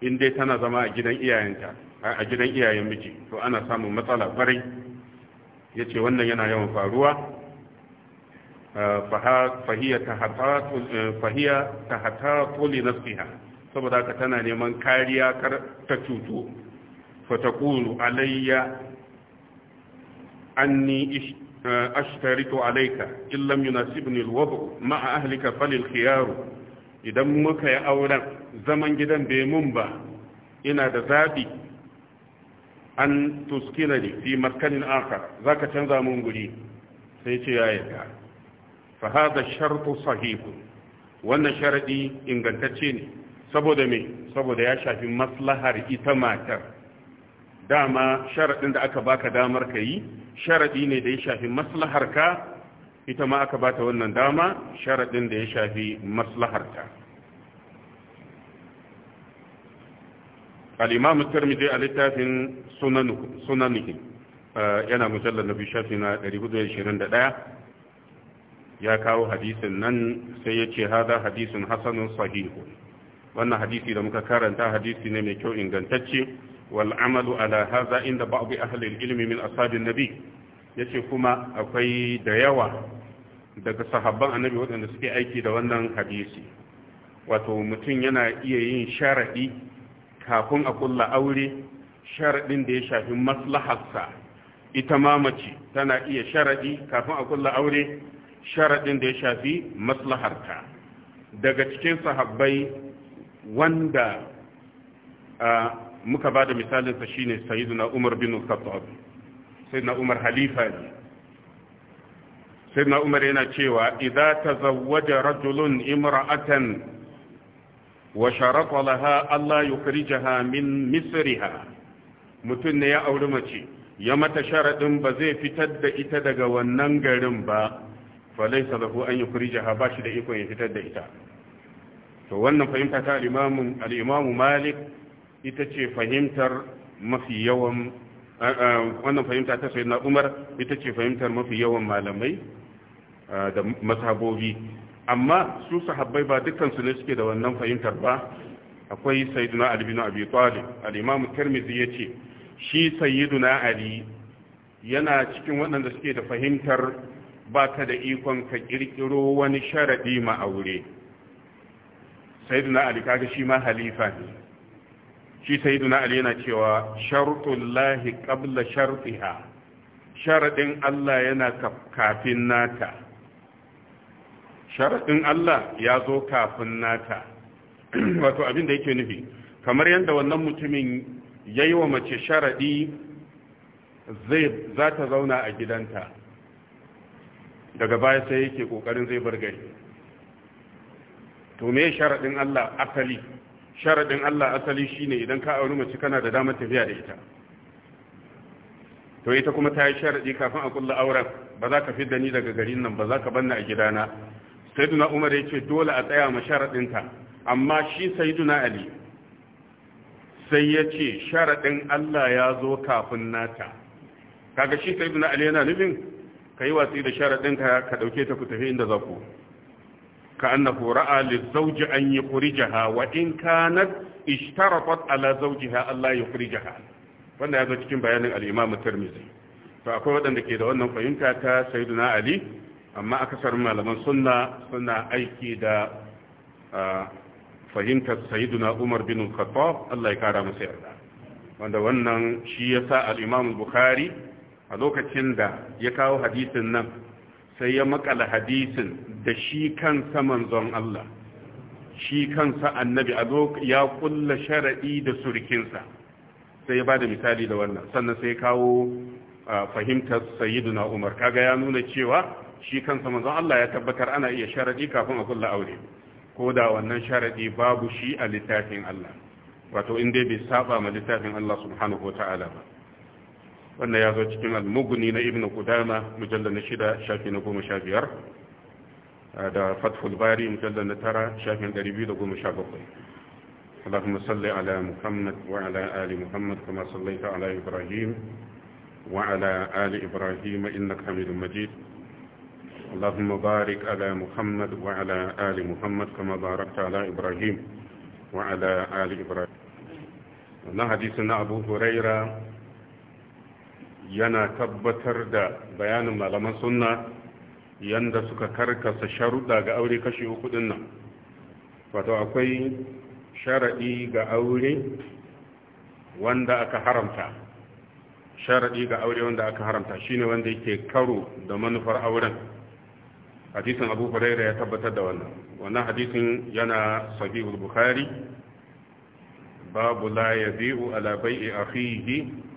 in dai tana zama a gidan iyayenta a gidan iyayen miji to ana samun matsala kwarai ya ce wannan yana yawan faruwa fahiya ta hatatu na nafsiha saboda ka tana neman kariya kar ta cutu fatakulu alayya anni ashtaritu alayka in yunasibni alwadu ma'a ahlika falil khiyar idan muka yi auren zaman gidan bai mun ba ina da zabi an tuskina ne fi markanin aka zaka canza mun guri sai ce ya yarda fa hadha shartu wannan sharaɗi ingantacce ne saboda me saboda ya shafi maslahar ita matar dama sharaɗin da aka baka damar yi sharaɗi ne da ya shafi maslahar ka ita ma aka bata wannan dama sharaɗin da ya shafi maslahar ta الإمام a littafin تافن سننه yana mujallar na biyu shafi na 421 ya kawo hadisin nan sai ya ce haɗa hadisin hasanun sahihu wannan hadisi da muka karanta hadisi ne mai kyau ingantacce wal'amalu ala haza inda ba'd ahli ilmi min ashabin nabi yace kuma akwai da yawa daga sahabban annabi waɗanda suke aiki da wannan hadisi wato mutum yana iya yin sharaɗi kafin a kulla aure sharaɗin da ya shafi maslaharsa ita ma tana iya sharaɗi kafin a kulla aure sharaɗin da ya shafi maslaharka daga cikin sahabbai wanda muka ba da misalinsa shine sayyiduna umar bin khattab sayyiduna umar halifa ne sayyiduna umar yana cewa idza tazawwaja rajulun imra'atan wa sharata laha Allah yukhrijaha min misriha mutun ne ya auri mace ya mata sharadin ba zai fitar da ita daga wannan garin ba falaisa lahu an yukhrijaha ba shi da iko ya fitar da ita to wannan fahimta ta al al malik ita ce fahimtar mafi yawan wannan fahimta ta sayyidina umar ita ce fahimtar mafi yawan malamai da mazhabobi amma su sahabbai ba dukkan su ne suke da wannan fahimtar ba akwai sayyidina ali bin abi talib al-imam ya yace shi sayyiduna ali yana cikin waɗanda suke da fahimtar ba ka da ikon ka ƙirƙiro wani sharaɗi ma aure sayyiduna ali kaga shi ma halifa ne shi sayyiduna ali yana cewa shartullahi lahi qabla shartiha sharadin Allah yana kafin nata sharadin Allah ya zo kafin nata wato abin da yake nufi kamar yadda wannan mutumin yayi wa mace sharadi zai za ta zauna a gidanta daga baya sai yake kokarin zai bar gari to me sharadin Allah asali sharadin Allah asali shine idan ka auri mace kana da damar tafiya da ita to ita kuma ta yi sharadi kafin a kulla auren ba za ka fidda ni daga garin nan ba za ka banna a gidana sayyiduna Umar yace dole a tsaya ma sharadin ta amma shi sayyiduna Ali sai ya ce sharadin Allah ya zo kafin nata kaga shi sayyiduna Ali yana nufin ka yi watsi da sharaɗinka ka ɗauke ta ku tafi inda za ku ka annahu ra'a lizawji an yukhrijaha wa in kanat ishtarafat ala zawjiha Allah yukhrijaha wanda ya zo cikin bayanin al-Imam Tirmidhi to akwai waɗanda ke da wannan fahimta ta Sayyidina Ali amma akasarin malaman sunna suna aiki da fahimtar Sayyidina Umar bin Khattab Allah ya kara masa yarda wanda wannan shi yasa al-Imam Bukhari a lokacin da ya kawo hadisin nan sai ya makala hadisin da shi kansa manzon Allah shi kansa annabi a ya kulla shara'i da surkinsa sai ya da misali da wannan sannan sai kawo fahimtar sayyiduna Umar kaga ya nuna cewa shi kansa manzon Allah ya tabbatar ana iya sharadi kafin a kulla aure ko da wannan sharadi babu shi a littafin Allah wato in dai bai saba ma littafin Allah subhanahu wataala ba wannan ya zo cikin almuguni na ibn kudama mujallar na shida shafi na goma sha biyar da fatful bari mujallar na tara shafi na ɗari biyu da goma sha bakwai اللهم صل على محمد وعلى آل محمد كما صليت على إبراهيم وعلى آل إبراهيم إنك حميد مجيد اللهم بارك على محمد وعلى آل محمد كما باركت على إبراهيم وعلى آل إبراهيم الله حديثنا أبو هريرة yana tabbatar da bayanin malaman sunna yanda suka karkasa sharuɗa ga aure kashi uku nan wato akwai sharaɗi ga aure wanda aka haramta sharaɗi ga aure wanda aka haramta shine wanda yake karo da manufar auren hadisin abu huraira ya tabbatar da wannan wannan hadisin yana sahihul bukhari babu la yabi'u ala bai'i akhihi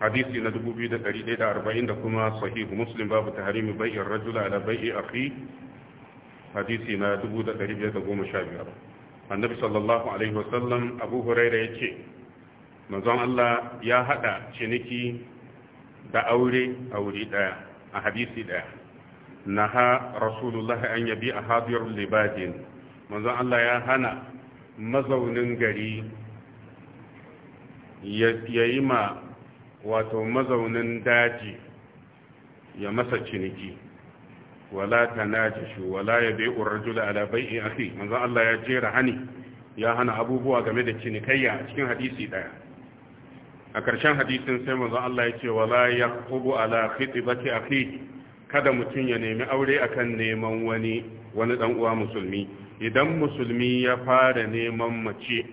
hadisi na 2140 da kuma sahihu muslim babu tahrimi bai'ir rajula ala bai'i akhi hadisi na 1515 annabi sallallahu alaihi wasallam abu huraira yace manzon Allah ya haɗa ciniki da aure aure daya a hadisi daya naha rasulullahi an yabi a hadir libadin manzon Allah ya hana mazaunin gari ya yi ma wato mazaunin daji ya masa ciniki wala shi. wala ya yabi'u ar-rajula ala in ake manzan Allah ya jera hani ya hana abubuwa game da cinikayya a cikin hadisi ɗaya. a ƙarshen hadisin sai manzan Allah ya ce wala ya hubu ala khitbati ake kada mutum ya nemi aure akan neman wani wani dan uwa musulmi idan musulmi ya fara neman mace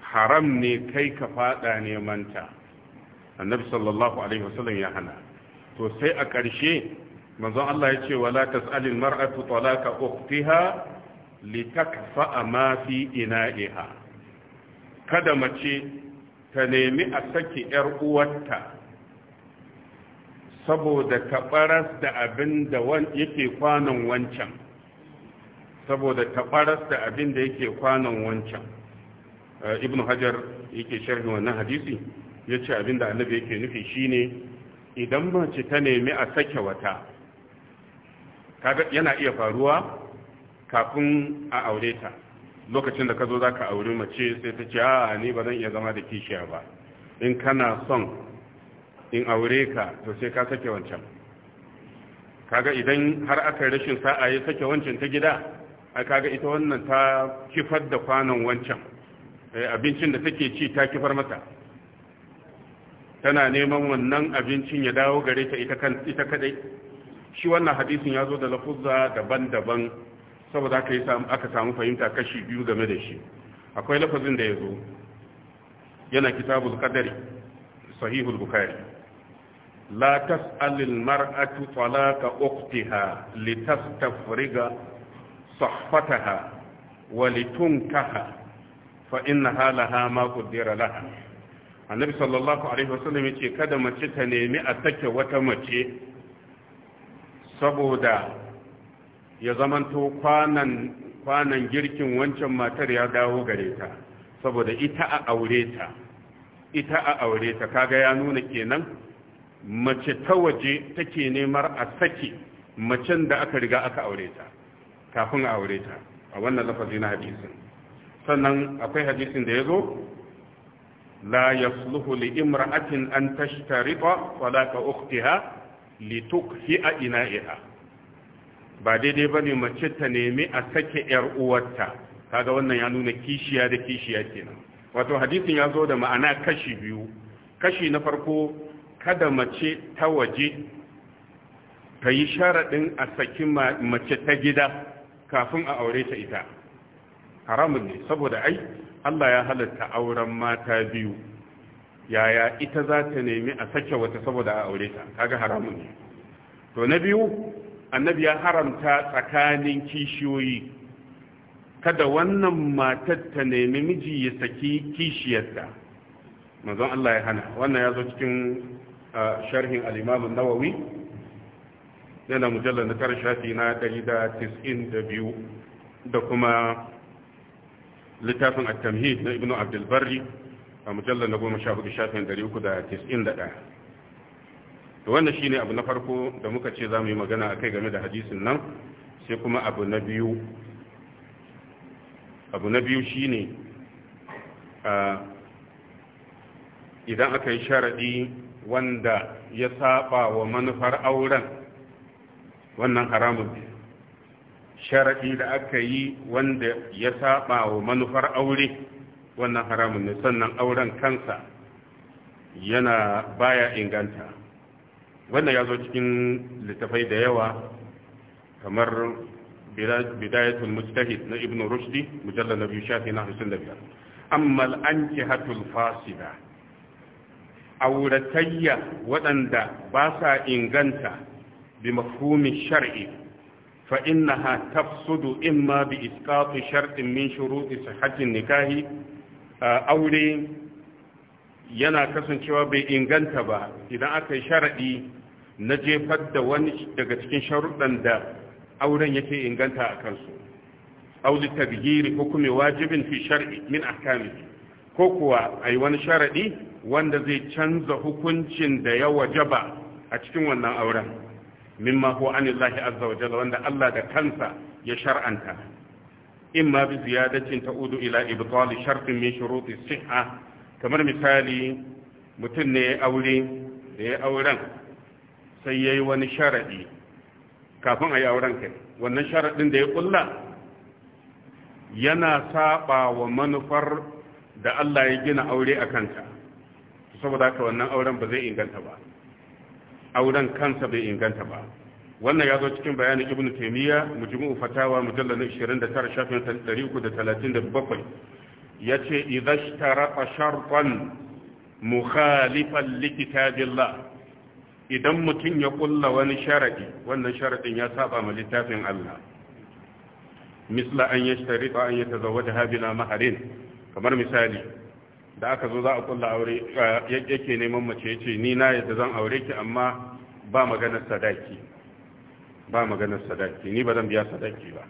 haram ne kai ka fada neman ta annabi sallallahu alaihi wasallam ya hana to sai a ƙarshe manzon Allah ya ce wala tas'alil mar'atu talaqa ukhtiha a ma fi ina'iha kada mace ta nemi a saki yar uwarta saboda ta baras da abin da yake kwanan wancan saboda ta da abin da yake eh, kwanan wancan ibnu hajar yake sharhi wannan hadisi ya ce abin da annabi yake nufi shine idan mace ta nemi a sake wata yana iya faruwa kafin a aure ta lokacin da ka zo za ka aure mace sai ta ce a ni ba zan iya zama da kishiya ba in kana son in aure ka to sai ka sake wancan kaga idan har aka yi rashin sa'a ya sake wancan ta gida a kaga ita wannan ta kifar da kwanan wancan eh, abincin da take ci ta kifar mata tana neman wannan abincin ya dawo gare ta ita kadai shi wannan hadisin ya zo da lafuzza daban-daban saboda aka samu fahimta kashi biyu game da shi akwai lafazin da ya zo yana kitabul qadari sahihul bukhari la tas'alil mar'atu talaqa uqtiha litastafriga sahfataha wa litunkaha fa innaha laha ma qaddara laha annabi sallallahu alaihi wasallam yace kada mace ta nemi a take wata mace saboda ya zamanto kwanan kwanan girkin wancan matar ya dawo gare ta saboda ita a aure ta ita a aure ta kaga ya nuna kenan mace ta waje take nemar a sake macen da aka riga aka aure ta kafin a aure ta a wannan lafazi na hadisin sannan akwai hadisin da ya zo لا يصلح لامرأة أن تشترط صلاة ina لتكفئ إنائها ba daidai ba ne mace ta nemi a sake ‘yar uwarta kaga wannan ya nuna kishiya da kishiya kenan wato hadisin ya zo da ma'ana kashi biyu kashi na farko kada mace ta waje ta yi sharaɗin a saki mace ta gida kafin a aure ta ita haramun ne saboda ai Allah ya halatta auren mata biyu yaya ita za ta nemi a sake wata saboda a aure ta kaga haramun ne to na biyu annabi ya haramta tsakanin kishiyoyi kada wannan matar ta nemi miji ya saki kishiyarta manzon Allah ya hana wannan ya zo cikin sharhin al-Imam an-Nawawi yana mujallar na tara shafi na 192 da kuma littafin at-tamhid na ibnu abdul barri a mujallar na goma sha hudu shafin dari uku da tis'in da ɗaya to wannan shine abu na farko da muka ce za mu yi magana a kai game da hadisin nan sai kuma abu na biyu abu na biyu shine idan aka yi sharaɗi wanda ya saba wa manufar auren wannan haramun sharaɗi da aka yi wanda ya saba wa manufar aure wannan haramun ne sannan auren kansa yana baya inganta wannan ya zo cikin littafai da yawa kamar bidayatul mujtahid na ibnu rushdi mujalla na biyu shafi na hamsin da biyar amma al'ankihatul fasida auratayya waɗanda ba sa inganta bi mafhumin shar'i فإنها تفسد إما بإسقاط شرط من شروط صحة النكاح aure yana kasancewa bai inganta ba idan aka yi sharaɗi na jefar da wani daga cikin sharuɗan da auren yake inganta a kansu auli tabhiri hukumi wajibin fi shar'i min ahkami ko kuwa ai wani sharaɗi wanda zai canza hukuncin da ya wajaba a cikin wannan auren mimma huwa anillahi azza wa jalla wanda Allah da kansa ya shar'anta imma bi ziyadatin ta'udu ila ibtali shartin min shuruti sihha kamar misali mutum ne ya aure da ya auren sai yayi wani sharadi kafin a yi auren kai wannan sharadin da ya kulla yana saba wa manufar da Allah ya gina aure a kanta saboda haka wannan auren ba zai inganta ba auren kansa bai inganta ba wannan ya zo cikin bayanin ibnu taymiya mujmu'u fatawa mujallal 29 shafin 337 yace idza ishtarata shartan mukhalifan li idan mutum ya kulla wani sharadi wannan sharadin ya saba ma littafin Allah misla an yashtarita an yatazawwaja bila maharin kamar misali da aka zo za a kulla aure yake neman mace yace ni na yadda zan aure ki amma ba maganar sadaki ba maganar sadaki ni ba zan biya sadaki ba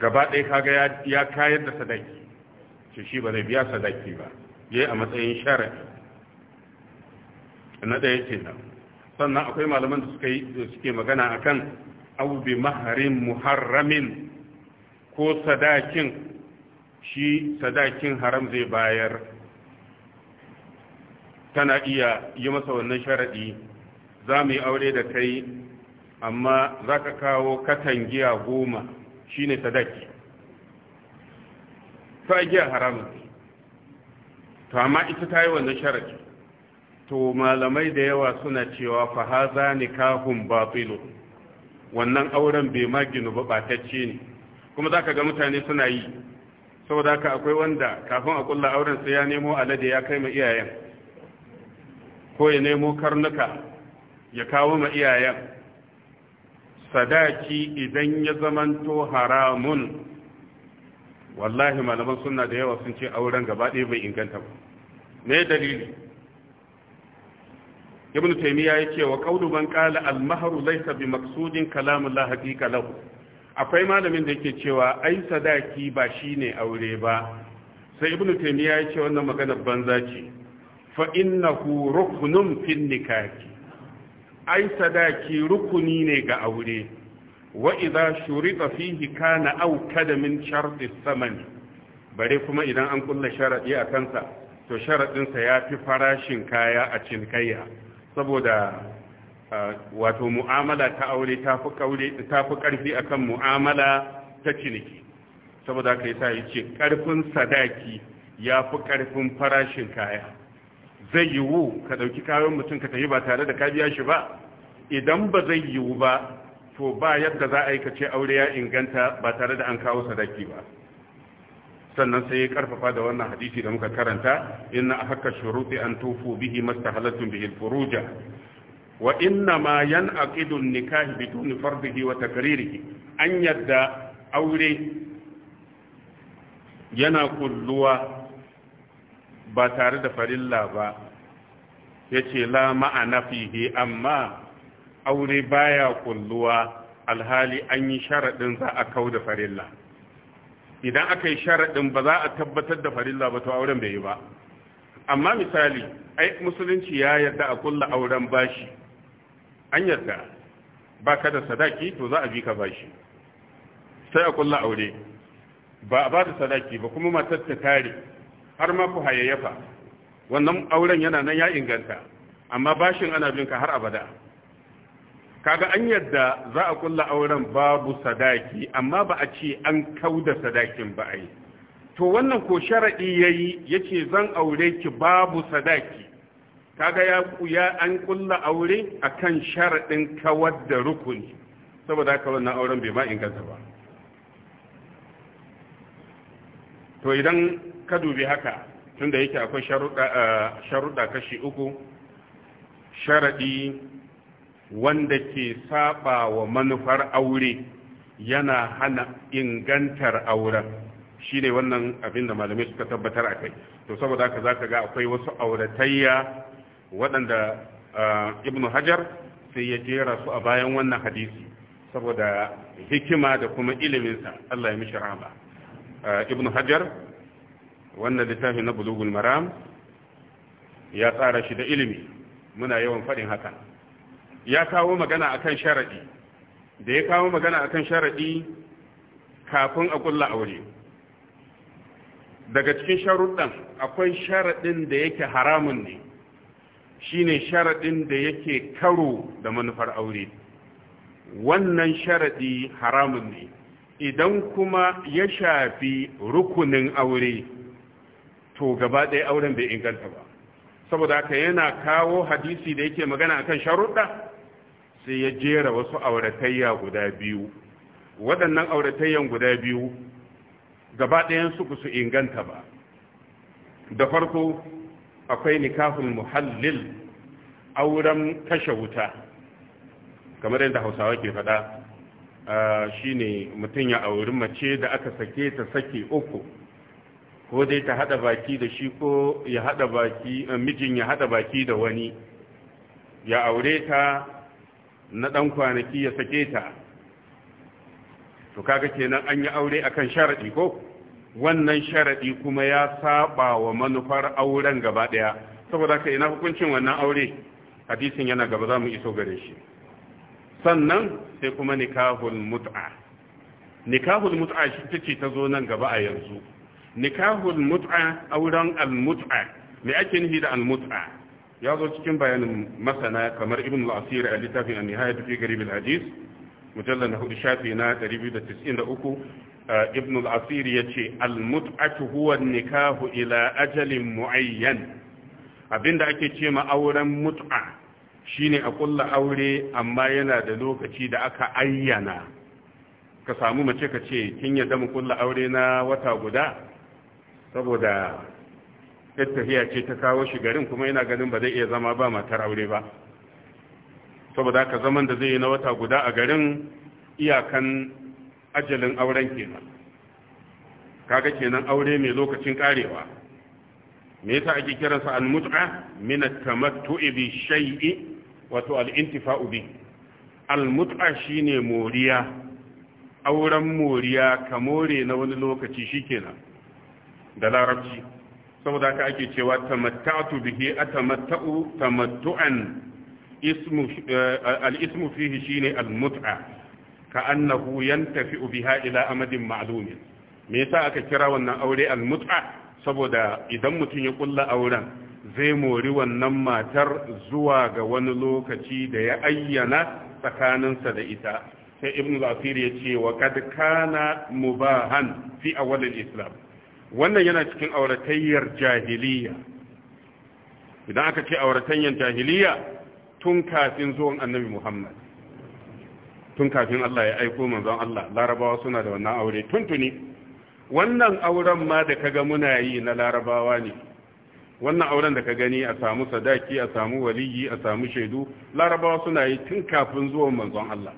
gaba ɗaya kaga ya kayar da sadaki ce shi ba zai biya sadaki ba yayi a matsayin sharadi na ɗaya nan sannan akwai malaman da suka yi suke magana akan abu bi maharin muharramin ko sadakin shi sadakin haram zai bayar tana iya yi masa wannan sharaɗi za mu yi aure da kai amma za ka kawo katan giya goma shi ne sadaki ta giya haram to amma ita ta yi wannan sharaɗi to malamai da yawa suna cewa fahaza kahun batilu wannan auren bai maginu ba ce ne kuma za ka ga mutane suna yi saboda haka akwai wanda kafin a kulla auren sai ya nemo alade ya kai ma iyayen ko ya nemo karnuka ya kawo ma iyayen sadaki idan ya zamanto haramun wallahi malaman suna da yawa sun ce auren gaba ɗaya bai inganta ba me dalili ibn taymiya yake wa qawlu man qala al-mahru laysa bi maqsudin kalamullah haqiqa lahu akwai malamin da yake cewa ai sadaki ba shine aure ba sai ibnu taymiya ya ce wannan magana banza ce fa innahu ruknun fil nikahi ai sadaki rukuni ne ga aure wa idza shurita fihi kana aw kada min sharti thamani bare kuma idan an kulla sharadi a kansa to sharadin sa fi farashin kaya a cinikayya saboda wato mu'amala ta aure ta fi ƙarfi a kan mu'amala ta ciniki saboda ka yi sa yi ce ƙarfin sadaki ya fi ƙarfin farashin kaya zai yiwu ka ɗauki kayan mutum ka tafi ba tare da ka biya shi ba idan ba zai yiwu ba to ba yadda za a yi ka ce aure ya inganta ba tare da an kawo sadaki ba sannan sai ya karfafa da wannan hadisi da muka karanta inna a haka shuruti an tufu bihi mastahalatun bihi furuja wa inna ma yan an-nikahi biduni fardihi wa takririhi an yadda aure yana kulluwa ba tare da farilla ba yace la ma'ana fihi amma aure baya kulluwa alhali an yi sharadin za a da farilla idan aka yi sharadin ba za a tabbatar da farilla ba to auren bai yi ba amma misali ai musulunci ya yarda a kulla auren bashi an yarda ba ka da sadaki to za a bi ka bashi sai a kulla aure ba a ba da sadaki ba kuma matar ta tare har ma ku hayayyafa wannan auren yana nan ya inganta amma bashin ana bin ka har abada kaga an yadda za a kulla auren babu sadaki amma ba a ce an kau da sadakin ba ai to wannan ko sharadi yayi yace zan aure ki babu sadaki kaga ya ya an kulla aure akan sharadin kawar da rukuni saboda haka wannan auren bai ma inganta ba to idan ka dubi haka tunda yake akwai sharuɗa kashi uku sharaɗi wanda ke saba wa manufar aure yana hana ingantar auren shi ne wannan abin da malamai suka tabbatar a kai to saboda haka za ka ga akwai wasu auratayya waɗanda ibnu hajar sai ya jera su a bayan wannan hadisi saboda hikima da kuma iliminsa Allah ya mishi rahama ibnu hajar wannan littafi na bulugul maram ya tsara shi da ilimi muna yawan faɗin haka ya kawo magana akan sharaɗi da ya kawo magana akan sharaɗi kafin a kulla aure daga cikin sharuɗan akwai sharaɗin da yake haramun ne shine sharaɗin da yake karo da manufar aure wannan sharaɗi haramun ne idan kuma ya shafi rukunin aure to gaba ɗaya auren bai inganta ba saboda haka yana kawo hadisi da yake magana kan sharuɗa sai ya jera wasu auratayya guda biyu waɗannan auratayyan guda biyu gaba ɗayan su su inganta ba da farko akwai nikahul muhallil auren kashe wuta kamar yadda hausawa ke faɗa shine mutum ya auri mace da aka sake ta sake uku ko dai ta hada baki da shi ko ya hada baki mijin ya hada baki da wani ya aure ta na dan kwanaki ya sake ta to kaga kenan an yi aure akan sharadi ko wannan sharaɗi kuma ya saba wa manufar auren gaba daya saboda haka ina hukuncin wannan aure hadisin yana gaba za mu iso gare shi sannan sai kuma nikahul mut'a nikahul mut'a shi tace ta zo nan gaba a yanzu nikahul mut'a auren al-mut'a me ake nufi da al-mut'a ya zo cikin bayanin masana kamar ibn al-asir a littafin an-nihayat fi garib al-hadis mujallad na hudu shafi na 293 ibn al-asir yace al-mut'atu huwa nikahu ila ajalin muayyan abinda ake ce ma auren mut'a shine a kulla aure amma yana da lokaci da aka ayyana ka samu mace ka ce kin yarda mu kullu aure na wata guda saboda tattahiya ce ta kawo shi garin kuma yana ganin ba zai iya zama ba matar aure ba saboda ka zaman da zai yi na wata guda a garin iyakan ajalin auren kenan kaga kenan aure mai lokacin karewa me yasa ake kiransa al-mut'a min at tamattu bi shay'i wato al-intifa'u bi al-mut'a shine moriya auren moriya ka more na wani lokaci shikenan da larabci saboda haka ake cewa tamatta'tu bihi atamattu tamattu'an ismu eh, al-ismu fihi shine al-mut'a ka annahu yantafi'u biha ila amadin ma'lumin me yasa aka kira wannan aure al-mut'a saboda idan mutum ya kulla auren zai mori wannan matar zuwa ga wani lokaci da ya ayyana tsakaninsa da ita sai ibn al-asir ya ce wa qad kana mubahan fi awal islam wannan yana cikin auratayyar jahiliya idan aka ce auratayyar jahiliya tun kafin zuwan annabi muhammad tun kafin Allah ya aiko manzon Allah larabawa suna da wannan aure tuntuni wannan auren ma da kaga muna yi na larabawa ne wannan auren da ka gani a samu sadaki a samu waliyi a samu shaidu larabawa suna yi tun kafin zuwan manzon Allah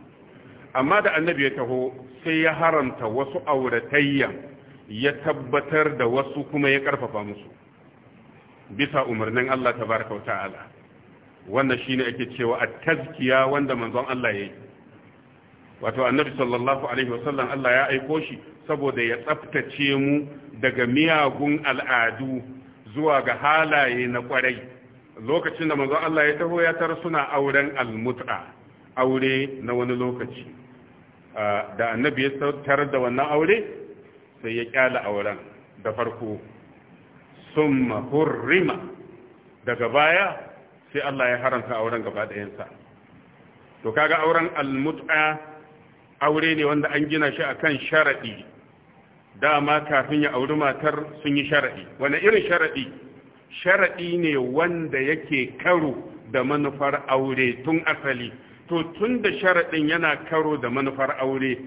amma da annabi ya taho sai ya haramta wasu auratayya ya tabbatar da wasu kuma ya karfafa musu bisa umarnin Allah tabaraka wa ta'ala wannan shine ake cewa at-tazkiya wanda manzon Allah yayi wato annabi sallallahu alaihi wasallam Allah ya aiko shi saboda ya tsaftace mu daga miyagun al'adu zuwa ga halaye na kwarai lokacin da manzo Allah ya taho ya tar suna auren almut'a aure na wani lokaci da annabi ya tar da wannan aure sai ya kyala auren da farko summa hurrima daga baya sai Allah ya haramta auren gaba 'yansa. to kaga auren almut'a aure ne wanda an gina shi a kan sharaɗi dama kafin ya auri matar sun yi sharaɗi. wani irin sharaɗi. Sharaɗi ne wanda yake karo da manufar aure tun asali to tun da sharaɗin yana karo da manufar aure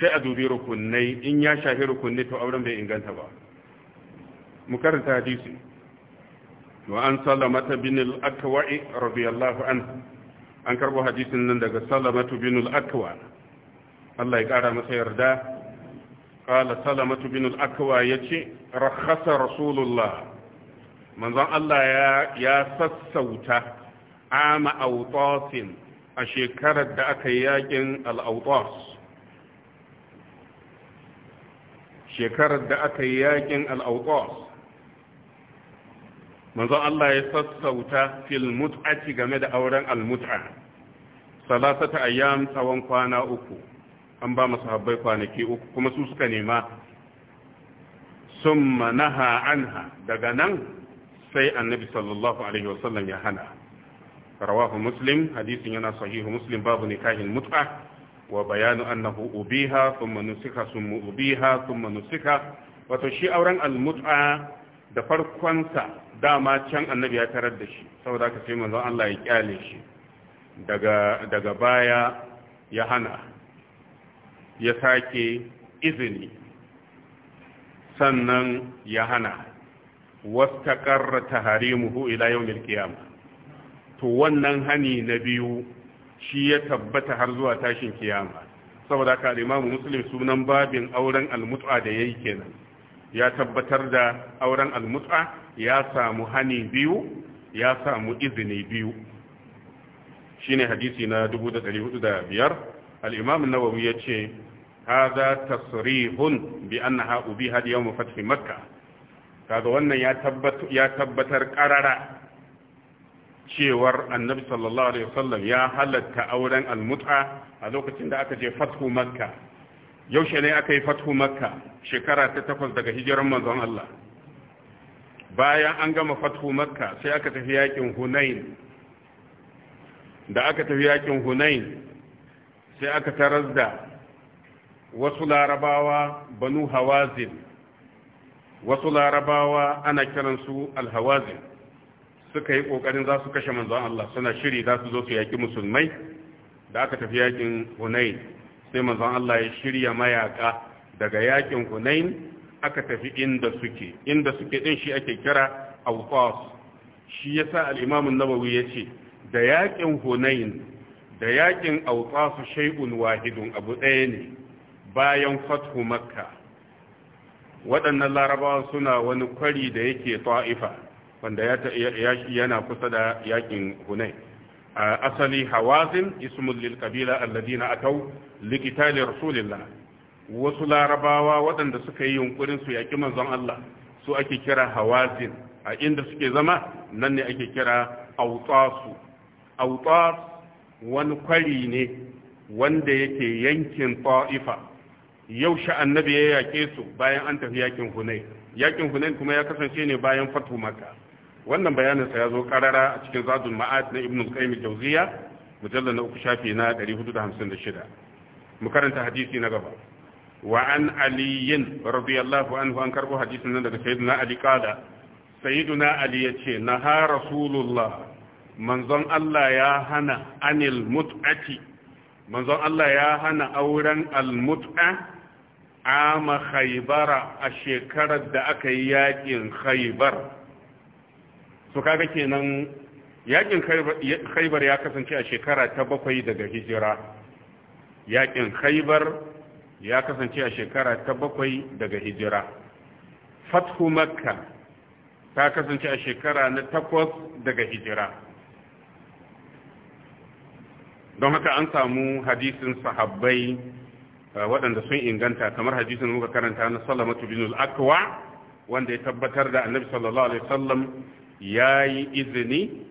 sai a dubi rukunai in ya shafi rukunai to auren bai inganta ba mu karanta hadisi wa an salamata bin al-akwa'i radiyallahu anhu an karbo hadisin nan daga salamatu bin al Allah ya ƙara masa yarda qala salamatu bin al-akwa yace rakhasa rasulullah manzon Allah ya sassauta ama awtasin a shekarar da aka yi yakin al shekarar da aka yi yakin al-awtas manzon Allah ya sassauta fil mut'ati game da auren al-mut'a salasata ayyam tsawon kwana uku an ba mu habbai kwanaki uku kuma su suka nema sun manaha anha daga nan sai annabi sallallahu alaihi wasallam ya hana rawahu muslim hadisin yana sahihu muslim babu nikahin mut'a wa bayanu annahu ubiha thumma nusika thumma ubiha thumma nusika wato shi auren almut'a da sa dama can annabi ya tarar da shi saboda haka sai manzon Allah ya kyale shi daga daga baya ya hana ya sake izini sannan ya hana wasta ƙarra taharimuhu ila yau milkiyama to wannan hani na biyu shi ya tabbata har zuwa tashin kiyama saboda ka al'imamu muslim sunan babin auren almut'a da ya yi kenan ya tabbatar da auren almut'a ya samu hani biyu ya samu izini biyu shine hadisi na 1405 alimamin nawawi ya ce hadha tasrihun bi annaha ubiha yawm fath makkah kaga wannan ya tabbatar karara cewar annabi ya halatta auren almut'a a lokacin da aka je fathu makka yaushe ne aka yi fathu makka shekara ta takwas daga hijiran manzon Allah bayan an gama fathu makka sai aka tafi yakin hunain aka tafi yakin hunain sai aka tarar da wasu larabawa banu hawazin wasu larabawa ana kiransu alhawazin suka yi ƙoƙarin za su kashe manzon Allah suna shiri za su zo su yaki musulmai da aka tafi yakin Hunain sai manzon Allah ya shirya mayaƙa daga yakin Hunain aka tafi inda suke inda suke din shi ake kira Awqas shi yasa al-Imam an-Nawawi yace da yaƙin Hunain da yakin Awqas shay'un wahidun abu ɗaya ne bayan fathu makka waɗannan larabawa suna wani kwari da yake ta'ifa wanda yana kusa da yakin hunai a asali hawazin ismul lil qabila alladina atau liqitali rasulillah wasu larabawa waɗanda suka yi yunkurin su yaki manzon Allah su ake kira hawazin a inda suke zama nan ne ake kira autasu autas wani kwari ne wanda yake yankin ta'ifa yaushe annabi ya yaƙe su bayan an tafi yakin hunai yakin hunai kuma ya kasance ne bayan fatu maka wannan bayaninsa ya zo karara a cikin zadun ma'ad na ibn al-qayyim al-jawziya mujallal na uku shafi na 456 mu karanta hadisi na gaba wa an aliyin radiyallahu anhu an karbo hadisin nan daga Sayyiduna ali qala Sayyiduna ali yace naha rasulullah manzon Allah ya hana anil mut'ati manzon Allah ya hana auren al-mut'a ama khaybara a shekarar da aka yi yakin khaybar su kaga kenan yakin khaybar ya kasance a shekara ta bakwai daga hijira yakin khaybar ya kasance a shekara ta bakwai daga hijira fathu makka ta kasance a shekara na takwas daga hijira don haka an samu hadisin sahabbai Eh, waɗanda sun inganta kamar hadisin muka karanta na salamatu bin al-akwa wanda ya tabbatar da annabi sallallahu alaihi wasallam yi izini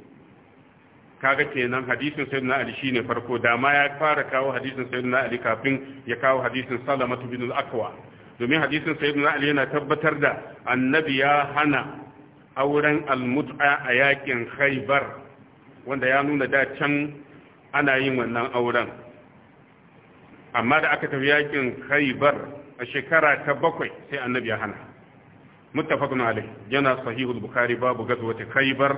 kaga kenan hadisin sayyidina ali shine farko da ma ya fara kawo hadisin sayyidina ali kafin ya kawo hadisin salamatu bin al-akwa domin hadisin sayyidina ali yana tabbatar da annabi ya hana auren al-mut'a a yakin khaybar wanda ya nuna da can ana yin wannan auren amma da aka tafi yakin khaybar a shekara ta bakwai sai annabi ya hana muttafaqun alayh yana al bukhari babu gazwati khaybar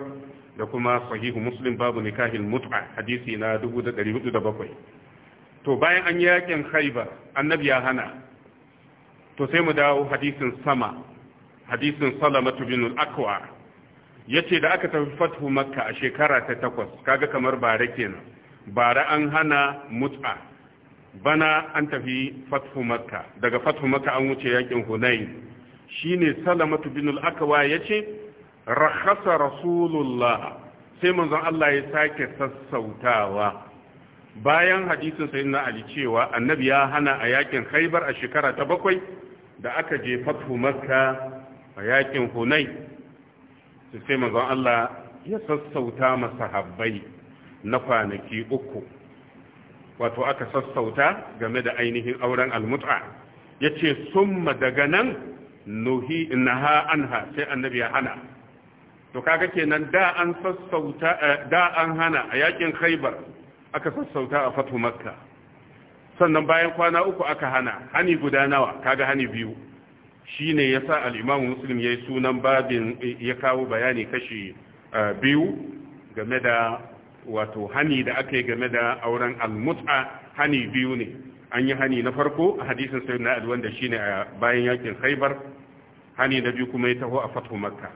da kuma sahihu muslim babu nikahil mut'a hadisi na 1407 to bayan an yakin khaybar annabi ya hana to sai mu dawo hadisin sama hadisin salamatu bin al-aqwa yace da aka tafi fathu makka a shekara ta takwas kaga kamar bare kenan bare an hana mut'a bana an tafi fathu makka daga fathu makka an wuce yakin hunain shine salamatu binul al ya ce, rakhasa rasulullah sai manzon Allah ya sake sassautawa bayan hadisin na ali cewa annabi ya hana a yakin khaybar a shekara ta bakwai da aka je fathu makka a yakin hunain sai manzon Allah ya sassauta masahabbai na kwanaki uku wato aka sassauta game da ainihin auren almut'a yace summa daga nan nuhi naha anha sai annabi ya hana to kaga kenan da an sassauta eh, da an hana a yakin khaybar aka sassauta a fatu makka sannan bayan kwana uku aka hana hani guda nawa kaga hani biyu shine yasa al-imamu muslim yayi sunan babin ya kawo bayani kashi eh, biyu game da wato hani da aka yi game da auren almut'a hani biyu ne an yi hani na farko a hadisin sai na alwan da shine a bayan yakin khaybar hani na biyu kuma ya taho a fatu makka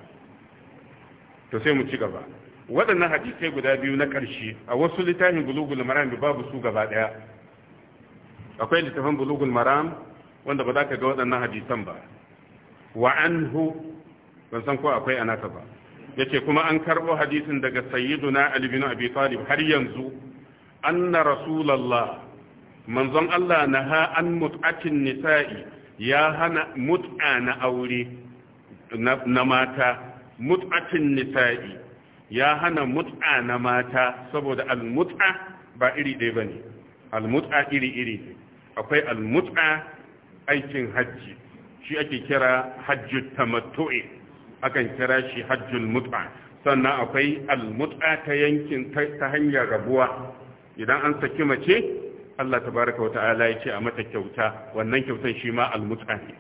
to sai mu ci gaba waɗannan hadisai guda biyu na ƙarshe a wasu littafin bulugul maram babu su gaba ɗaya akwai littafin bulugul maram wanda ba za ka ga waɗannan hadisan ba wa anhu ban san ko akwai anaka ba yace kuma an karbo hadisin daga sayyiduna ali bin abi talib har yanzu anna rasulullah manzon Allah naha an mut'atin nisa'i ya hana mut'a na aure na mata mut'atin nisa'i ya hana mut'a na mata saboda al-mut'a ba iri ɗaya bane al-mut'a iri iri akwai al-mut'a aikin hajji shi ake kira hajjut tamattu'i akan kira shi hajjul mut'a sannan akwai al-mut'a ta yankin ta hanyar rabuwa idan an saki mace Allah tabaraka wa ta'ala ya ce a mata kyauta wannan kyautan shi ma al-mut'a ne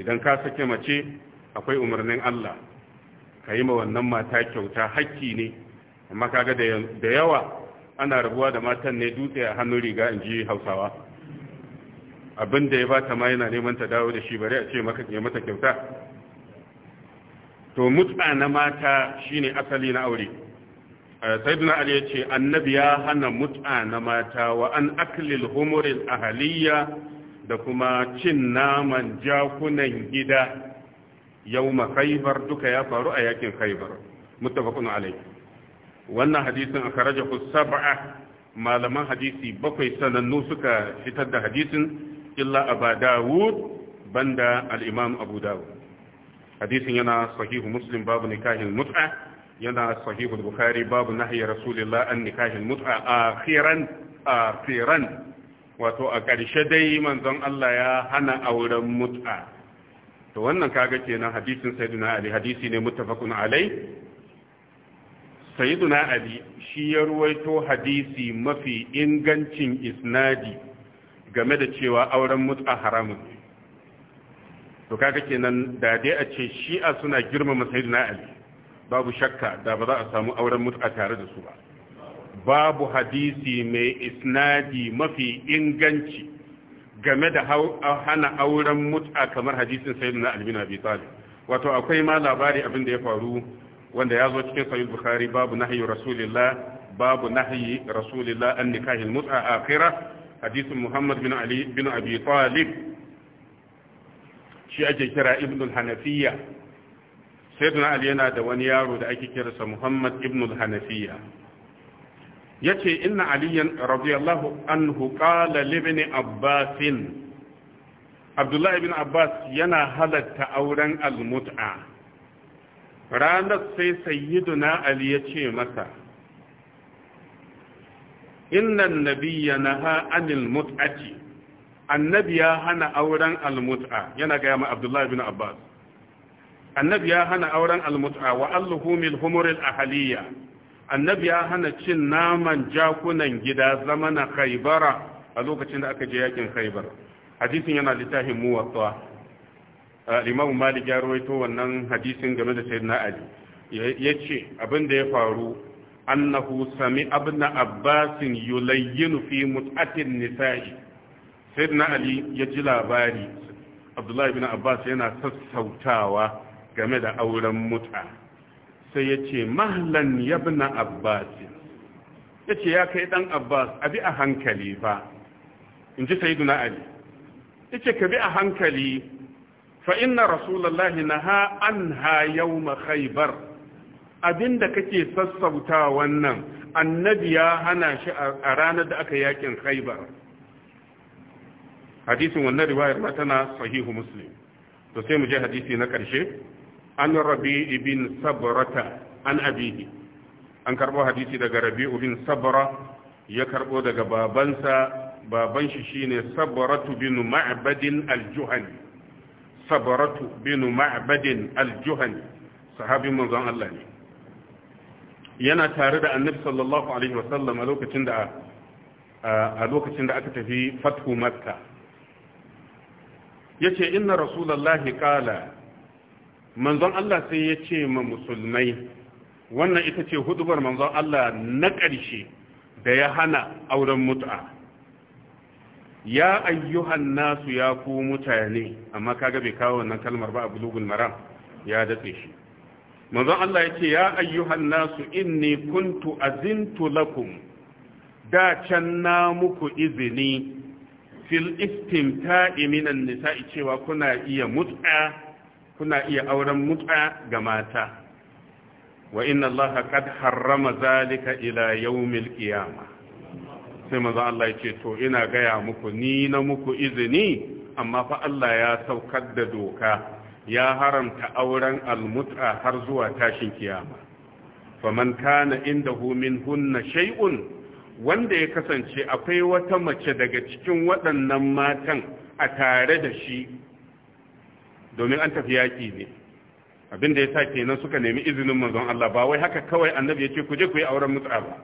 idan ka saki mace akwai umarnin Allah ka yi ma wannan mata kyauta hakki ne amma kaga da yawa ana rabuwa da matan ne dutse a hannun riga in ji hausawa abin da ya ba ta ma yana neman ta dawo da shi bare a ce maka ke mata kyauta to mutsa na mata shine asali na aure eh, sayyidina ali ya ce annabi ya hana mutsa na mata wa an aklil humuril ahaliya da kuma cin naman jakunan gida yawma khaybar duka ya faru a yakin khaybar muttafaqun alayhi wannan hadisin akhrajahu sab'a malaman hadisi bakwai sanannu suka fitar da hadisin illa aba dawud banda al-imam abu dawud hadisin yana sahihu muslim babu nikahin mut'a yana sahihu bukhari babu nahyi rasulillah an nikahin mut'a akhiran akhiran wato a ƙarshe dai manzon Allah ya hana auren mut'a to wannan kaga kenan hadisin sayyidina ali hadisi ne muttafaqun alai sayyiduna ali shi ya ruwaito hadisi mafi ingancin isnadi game da cewa auren mut'a haramun to kaga kenan da dai a ce shi'a suna girmama sayyidina ali babu shakka da ba za a samu auren a tare da su ba babu hadisi mai isnadi mafi inganci game da hana auren mut'a kamar hadisin sayyidina ali bin abi talib wato akwai ma labari abin da ya faru wanda ya zo cikin sahih bukhari babu nahyi rasulillah babu nahyi rasulillah an nikahil mut'a akhirah hadisin muhammad bin ali bin abi talib shi ake kira ibnul hanafiya sayyiduna ali yana da wani yaro da ake kirasa muhammad ibnul hanafiya yace inna aliyan radiyallahu anhu qala li ibn abbas abdullahi ibn abbas yana halatta auren almut'a ranar sai sayyiduna ali yace masa inna nabiyya naha anil mut'ati annabi ya hana auren almut'a yana ga yamma abdullahi bin abbas annabi ya hana auren almut'a wa alluhumil humuril ahaliya annabi ya hana cin naman jakunan gida zamana khaybara a lokacin da aka je yakin khaybar hadisin yana littafin muwatta limamu uh, malik ya rawaito wannan hadisin game da sayyidina ali yace abin da ya faru annahu sami abna abbasin yulayyinu fi mut'atin nisa'i sayyidina ali ya ji labari abdullahi bin abbas yana sassautawa game da auren muta sai ya ce mahallan yabna abbas ya ce ya kai dan abbas a bi a hankali ba. in ji sayyidina ali ya ce ka bi a hankali fa inna rasulullahi an anha yawma khaybar abinda kake sassauta wannan annabi ya hana shi a ranar da aka yakin khaibar hadisin wannan riwayar tana sahihu muslim to mu je hadisi na karshe an rabi ibn sabrata an abihi an karbo hadisi daga rabi ibn ya karbo daga babansa baban shi shine sabratu bin ma'badin al-juhani bin yana tare da annabi sallallahu alaihi wasallam a lokacin da a lokacin da aka tafi fathu makka yace inna rasulallahi qala manzon Allah sai ya ce ma musulmai wannan ita ce hudubar manzon Allah na ƙarshe da ya hana auren mut'a ya ayyuhan nasu ya ku mutane amma kaga bai kawo wannan kalmar ba a bulugun maram ya datse shi manzon Allah ya ce ya ayyuhan nasu inni kuntu azintu lakum da can na muku izini fil istimta'i minan nisa'i cewa kuna iya mut'a kuna iya auren mut'a ga mata wa inna allaha qad harrama zalika ila yawmil qiyamah sai manzo Allah yace to ina gaya muku ni na muku izini amma fa Allah ya saukar da doka ya haramta auren almut'a har zuwa tashin kiyama faman kana indahu hunna shay'un wanda ya kasance akwai wata mace daga cikin waɗannan matan a tare da shi domin an tafi yaƙi ne abinda ya sa kenan suka nemi izinin mazan Allah ba wai haka kawai annabi ya ce ku je ku yi auren mutsa ba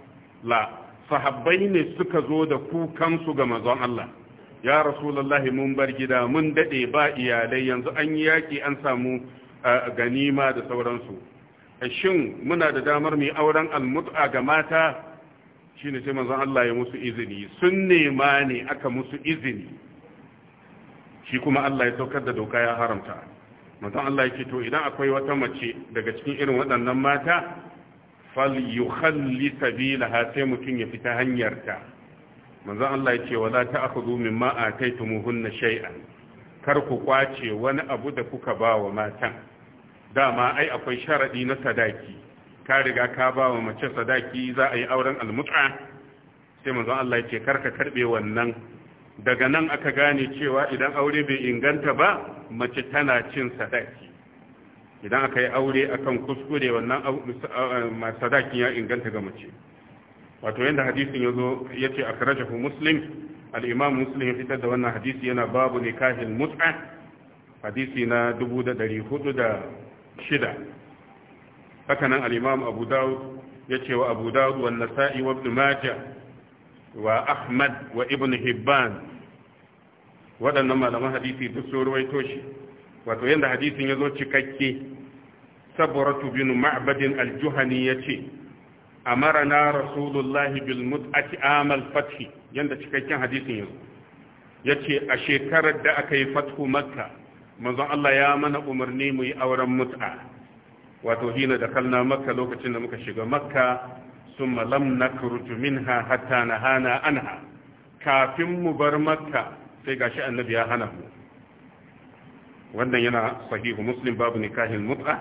la sahabbai ne suka zo da kukansu ga manzon Allah ya rasulullahi mun bar gida mun daɗe, ba iyalai yanzu an yi yaƙi, an samu ganima da sauransu eh, shin muna da damar mu yi auren almut'a ga mata shine sai manzon Allah ya musu izini sun nema ne aka musu izini shi kuma Allah ya saukar da doka ya haramta manzon Allah yake to idan akwai wata mace daga cikin irin waɗannan mata fal yukhalli sabilaha sai mutum ya fita hanyarta manzon Allah yake wala ta'khudhu mimma ataytumuhunna shay'an kar ku kwace wani abu da kuka ba wa matan dama ai akwai sharadi na sadaki ka riga ka ba wa mace sadaki za a yi auren almut'a sai manzon Allah ya ce karka karbe wannan daga nan aka gane cewa idan aure bai inganta ba mace tana cin sadaki idan aka yi aure akan kuskure wannan sadakin ya inganta ga mace wato yadda hadisin ya zo ya ce a muslim al'imam muslim ya fitar da wannan hadisi yana babu nikahin mut'a hadisi na shida. haka nan al-imam abu dawud yace wa abu dawud wa nasa'i wa ibn majah wa ahmad wa ibn hibban waɗannan malaman hadisi duk sun ruwaito shi wato yanda hadisin yazo cikakke saburatu bin ma'badin ce a yace amarana rasulullahi bil mut'ati amal fathi yadda cikakken hadisin ya yace a shekarar da aka yi fathu makka manzon Allah ya mana umarni mu yi auren mut'a wato hina da kalna makka lokacin da muka shiga makka sun malam na kurutu minha hatta na hana anha kafin mu bar makka sai gashi annabi ya hana mu wannan yana sahihu muslim babu nikahin Mutsa.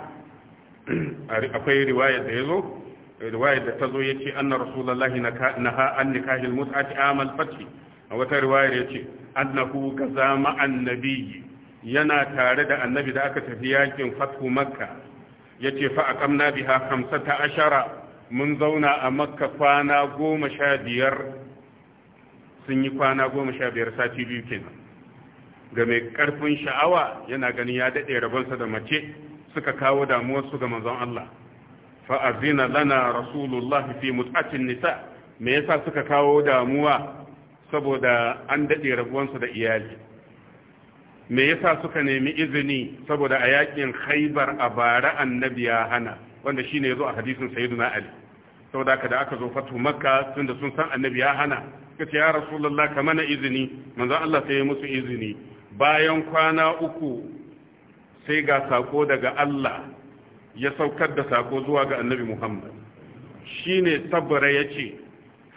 akwai riwaya da yazo riwaya da ta zo ya tazo yace anna na ha an Mutsa mut'ati amal Fati. a wata riwaya yace annahu gaza ma'an nabiyyi yana tare da annabi da aka tafi yakin Fatu makka Ya ce fa aqamna biha ta ashara mun zauna a makka kwana goma sha biyar sun yi kwana goma sha biyar sati biyu kenan ga mai karfin sha'awa yana ganin ya daɗe rabonsa da mace suka kawo damuwarsu ga manzon Allah fa'azina lana rasulullah fi mut'atin nisa me yasa suka kawo damuwa saboda an daɗe rabuwansu da iyali me yasa suka nemi izini saboda a yakin khaibar a bara annabi ya hana wanda shine yazo a hadisin sayyidina ali saboda kada aka zo fatu makka tunda sun san annabi ya hana kace ya rasulullah ka mana izini manzo Allah sai ya musu izini bayan kwana uku sai ga sako daga Allah ya saukar da sako zuwa ga annabi Muhammad shine sabra yace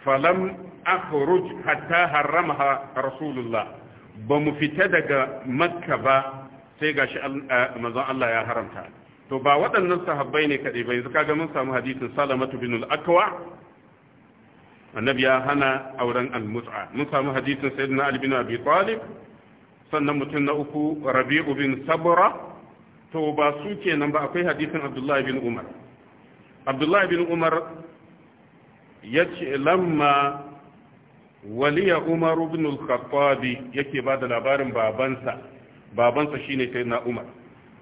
falam akhruj hatta haramaha rasulullah ba mu fita daga makka ba sai gashi eh, manzon Allah ya haramta to ba waɗannan sahabbai ne kaɗai ba yanzu kaga mun samu hadisin salamatu bin al-akwa annabi ya hana auren al-mut'a mun samu hadisin sayyidina ali bin abi talib sannan mutum na uku rabi'u bin sabra to ba su kenan ba akwai hadisin abdullahi bin umar abdullahi bin umar yace lamma waliya umar ibn al-khattab yake ba da labarin babansa babansa shine sayyidina umar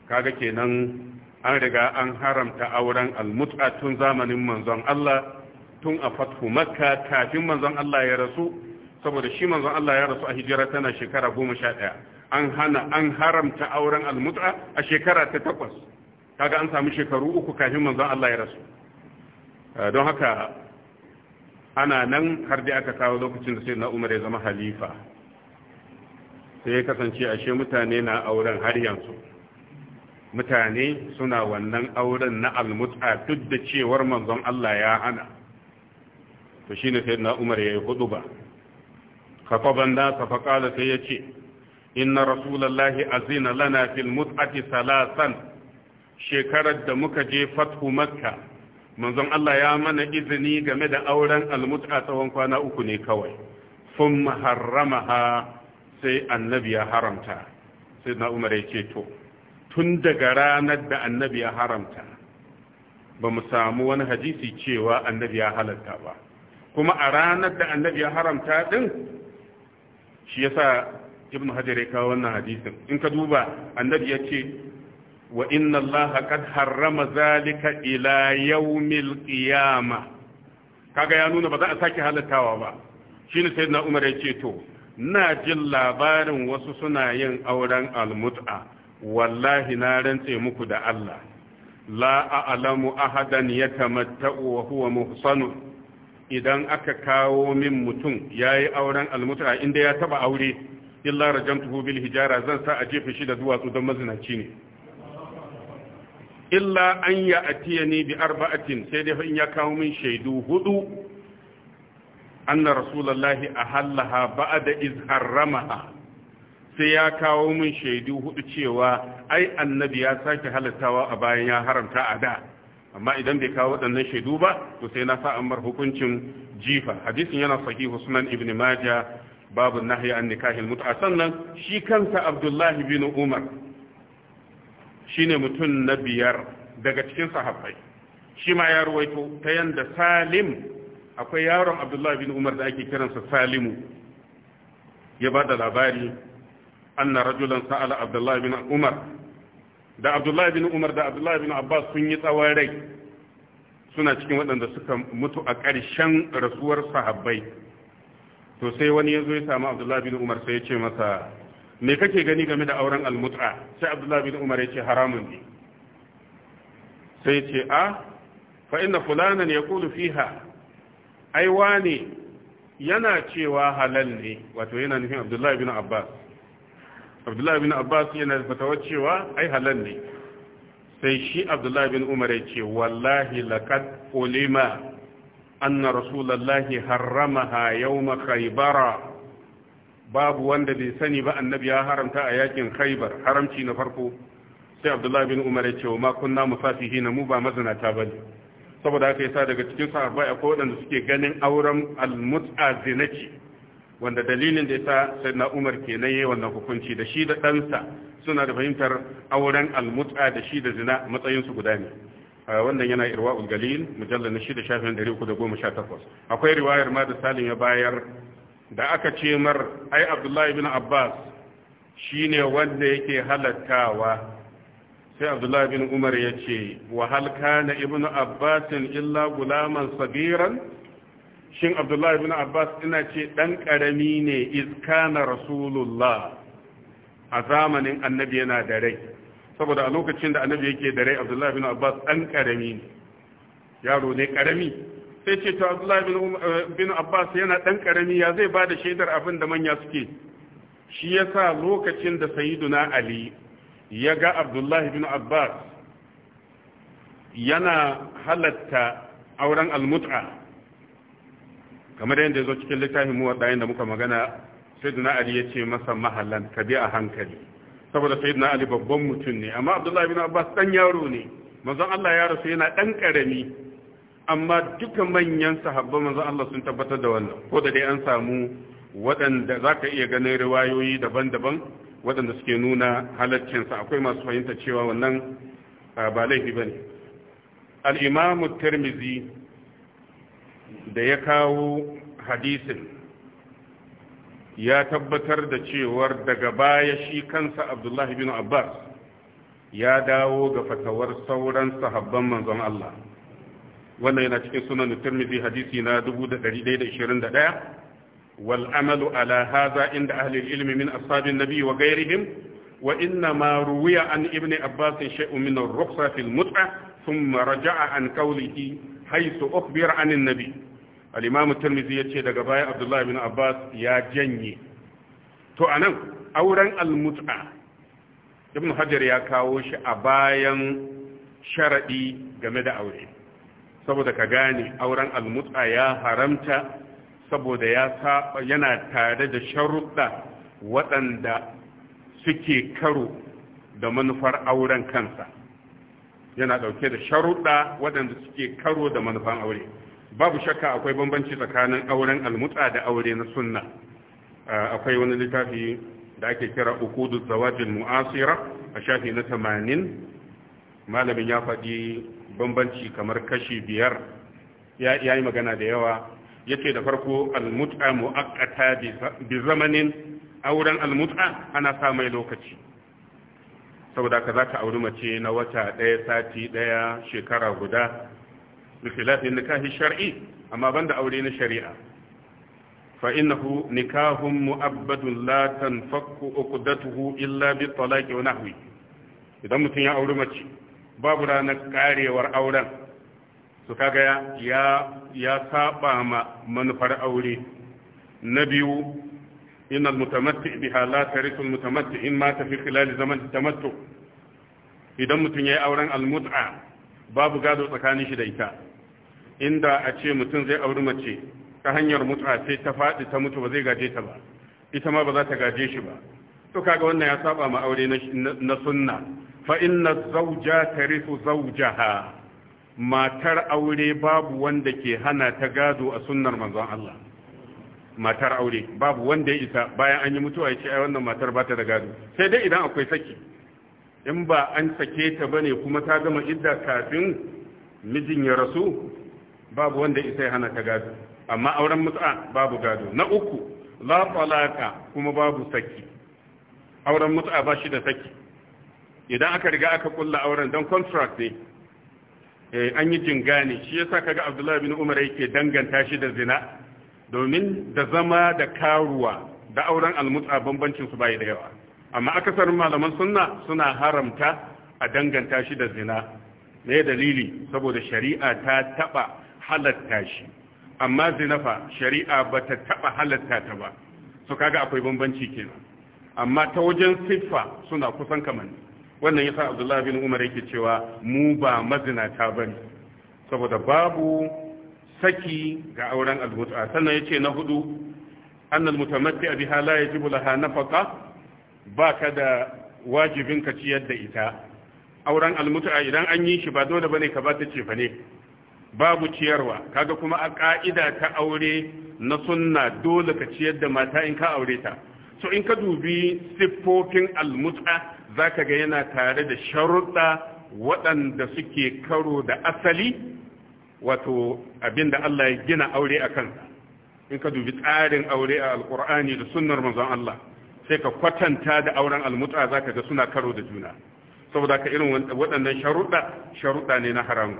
kaga kenan an riga an haramta auren al-mut'a tun zamanin manzon Allah tun a fathu makka kafin manzon Allah ya rasu saboda shi manzon Allah ya rasu a hijira tana shekara 11 an hana an haramta auren al-mut'a a shekara ta 8 kaga an samu shekaru uku kafin manzon Allah ya rasu don haka ana nan har dai aka kawo lokacin da sai na umar ya zama halifa sai ya kasance ashe mutane na auren har yanzu mutane suna wannan auren na almut'a duk da cewar manzon Allah ya hana to shine sai na umar ya yi hudu ba khataban da ta faqala sai ya ce inna rasulullahi azina lana fil mut'ati salasan shekarar da muka je fathu makka manzon Allah ya mana izini game da auren almut'a tsawon kwana uku ne kawai sun maharramaha sai annabi ya haramta sai na umar ya ce to tun daga ranar da annabi ya haramta ba mu samu wani hadisi cewa annabi ya halatta ba kuma a ranar da annabi ya haramta din shi yasa ibnu hajar ya kawo wannan hadisin in ka duba annabi ya ce wa inna zalika ila yawmil qiyamah kaga ya nuna ba za a sake halattawa ba shine sayyidina umar yace to na jin labarin wasu suna yin auren almut'a wallahi na rantse muku da Allah la a'lamu ahadan yatamatta'u wa huwa muhsanu idan aka kawo min mutum yayi auren almut'a inda ya taba aure illa rajamtuhu bil hijara zan sa a jefe shi da duwatsu don mazinaci ne illa an ya atiyani bi arba'atin sai dai in ya kawo min shaidu hudu anna rasulullahi ahallaha ba'da iz harramaha sai ya kawo min shaidu hudu cewa ai annabi ya sake halattawa a bayan ya haramta a da amma idan bai kawo waɗannan shaidu ba to sai na sa amar hukuncin jifa hadisin yana sahihu sunan ibn majah babu nahyi an nikahil mut'a sannan shi kansa abdullahi bin umar shine mutum na biyar daga cikin sahabbai shi ma ya ruwaito ta yanda salim akwai yaron abdullahi bin umar da ake kiransa salimu ya ba da labari anna rajulan sa'ala abdullahi bin umar da abdullahi bin umar da abdullahi bin abbas sun yi tsawon rai suna cikin waɗanda suka mutu a ƙarshen rasuwar sahabbai to sai wani ya zo ya samu abdullahi bin umar sai ya ce masa me kake gani game da auren almut'a sai abdullahi bin umar yace haramun ne sai ce a fa inna fulanan yaqulu fiha ai wani yana cewa halal ne wato yana nufin abdullahi bin abbas abdullahi bin abbas yana fatawar cewa ai halal ne sai shi abdullahi bin umar yace wallahi laqad ulima anna rasulullahi harramaha yawma khaybara babu wanda bai sani ba annabi ya haramta a yakin khaybar haramci na farko sai abdullahi bin umar ya ce wa ma kunna musafihina mu ba mazinata ba ne saboda haka yasa daga cikin sahabbai ko waɗanda suke ganin auren almut'a zinaci wanda dalilin da yasa sayyidina umar kenan yayi wannan hukunci da shi da ɗansa suna da fahimtar auren almut'a da shi da zina matsayin su guda ne ah, wannan yana irwa ulgalil mujallal na shida shafin 318 akwai riwayar ma da salim ya bayar da aka ce mar ai abdullahi bin abbas shine wanda yake halattawa sai abdullahi bin umar ya ce wahal kana ibnu abbasin illa gulaman sabiran shin abdullahi bin abbas ina ce dan karami ne iskana rasulullah a zamanin annabi yana da rai saboda a lokacin da annabi yake da rai abdullahi bin abbas dan karami ne yaro ne karami sai ce to abdullahi bin eh, abbas yana dan karami ya zai bada shaidar abin da manya suke shi yasa lokacin da sayyiduna ali ya ga abdullahi bin abbas yana halatta auren almut'a kamar yadda ya zo cikin littafin mu wadda da muka magana sayyiduna ali ya ce masa mahallan ka bi a hankali saboda sayyiduna ali babban mutum ne amma abdullahi bin abbas dan yaro ne manzon Allah ya rasu yana dan karami amma duka manyan sahabban manzo Allah sun tabbatar da wannan ko da dai an samu waɗanda za ka iya ganin riwayoyi daban-daban waɗanda suke nuna halaccinsa akwai masu fahimta cewa wannan ba laifi ba ne al'imamu tirmizi da ya kawo hadisin ya tabbatar da cewar daga baya shi kansa abdullahi bin abbas ya dawo ga fatawar sauran sahabban manzon Allah wannan yana cikin sunan turmizi hadisi na 1121 wal amalu ala hadha inda ahli ilmi min ashabin nabi wa ghayrihim wa inna ma ruwiya an ibn abbas shay'un min ar-rukhsa fil mut'a thumma raja'a an qawlihi haythu ukhbira an an-nabi al-imam at yace daga baya abdullah ibn abbas ya janye to anan auren al-mut'a ibn hajar ya kawo shi a bayan sharadi game da aure saboda ka gane auren almutsa ya haramta saboda ya saba yana tare da sharuɗa waɗanda suke karo da manufar auren kansa yana ɗauke da sharuɗa waɗanda suke karo da manufar aure babu shakka akwai bambanci tsakanin auren almutsa da aure na sunna akwai wani littafi da ake kira ukudu zawajin mu'asira a shafi na 80 malamin ya faɗi bambanci kamar kashi biyar ya yi magana da yawa yake da farko almut'a mu'akata bi zamanin auren almut'a ana sa mai lokaci saboda ka za ka auri mace na wata ɗaya sati ɗaya shekara guda bikilafin nikahi shar'i amma da aure na shari'a fa innahu nikahun mu'abbadun la tanfakku uqdatuhu illa bi talaqi wa nahwi idan mutum ya auri mace babu ranar karewar auren su kaga ya ya saba ma manufar aure na biyu ina mutamatti biha la tarisu mutamatti in ma ta fi khilal zaman tamattu idan mutun yayi auren almut'a babu gado tsakanin shi da ita inda a ce mutun zai auri mace ta hanyar mut'a sai ta faɗi ta mutu ba zai gaje ta ba ita ma ba za ta gaje shi ba to kaga wannan ya saba ma aure na sunna fa inna zauja tarithu zaujaha matar aure babu wanda ke hana ta gado a sunnar manzon Allah matar aure babu wanda ya isa bayan an yi mutuwa ya ce ai wannan matar ba ta da gado sai dai idan akwai saki in ba an sake ta bane kuma ta gama idda kafin mijin ya rasu babu wanda ya isa ya hana ta gado amma auren mutu'a babu gado na uku la talaka kuma babu saki auren mutu'a ba shi da saki idan aka riga aka kulla auren don contract ne eh, an yi ne shi yasa kaga Abdullahi bin Umar yake danganta shi da zina domin da zama da karuwa da auren almutsa bambancin su bai da yawa amma akasarin malaman sunna suna haramta a danganta shi da zina ne dalili saboda shari'a ta taba halatta shi amma zinafa shari'a ba ta taba halatta ta ba so kaga akwai bambanci kenan amma ta wajen siffa suna kusan kamanni wannan yasa abdullahi bin umar yake cewa mu ba mazinata bane saboda babu saki ga auren almut'a sannan yace na hudu annal mutamatti bi hala yajibu laha nafaqa baka da wajibin ka ciyar da ita auren almut'a idan an yi shi ba dole bane ka ba ta cefa ne babu ciyarwa kaga kuma a ka'ida ta aure na sunna dole ka ciyar da mata in ka aure ta so in ka dubi siffofin almut'a za ka ga yana tare da sharuɗa waɗanda suke karo da asali wato abin da Allah ya gina aure a kansa in ka dubi tsarin aure a alkur'ani da sunnar manzon Allah sai ka kwatanta da auren almut'a za ka ga suna karo da juna saboda ka irin waɗannan sharuɗa sharuɗa ne na haramu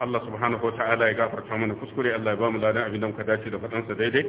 Allah subhanahu wa ta'ala ya gafarta mana kuskure Allah ya ba mu ladan abin da muka dace da faɗansa daidai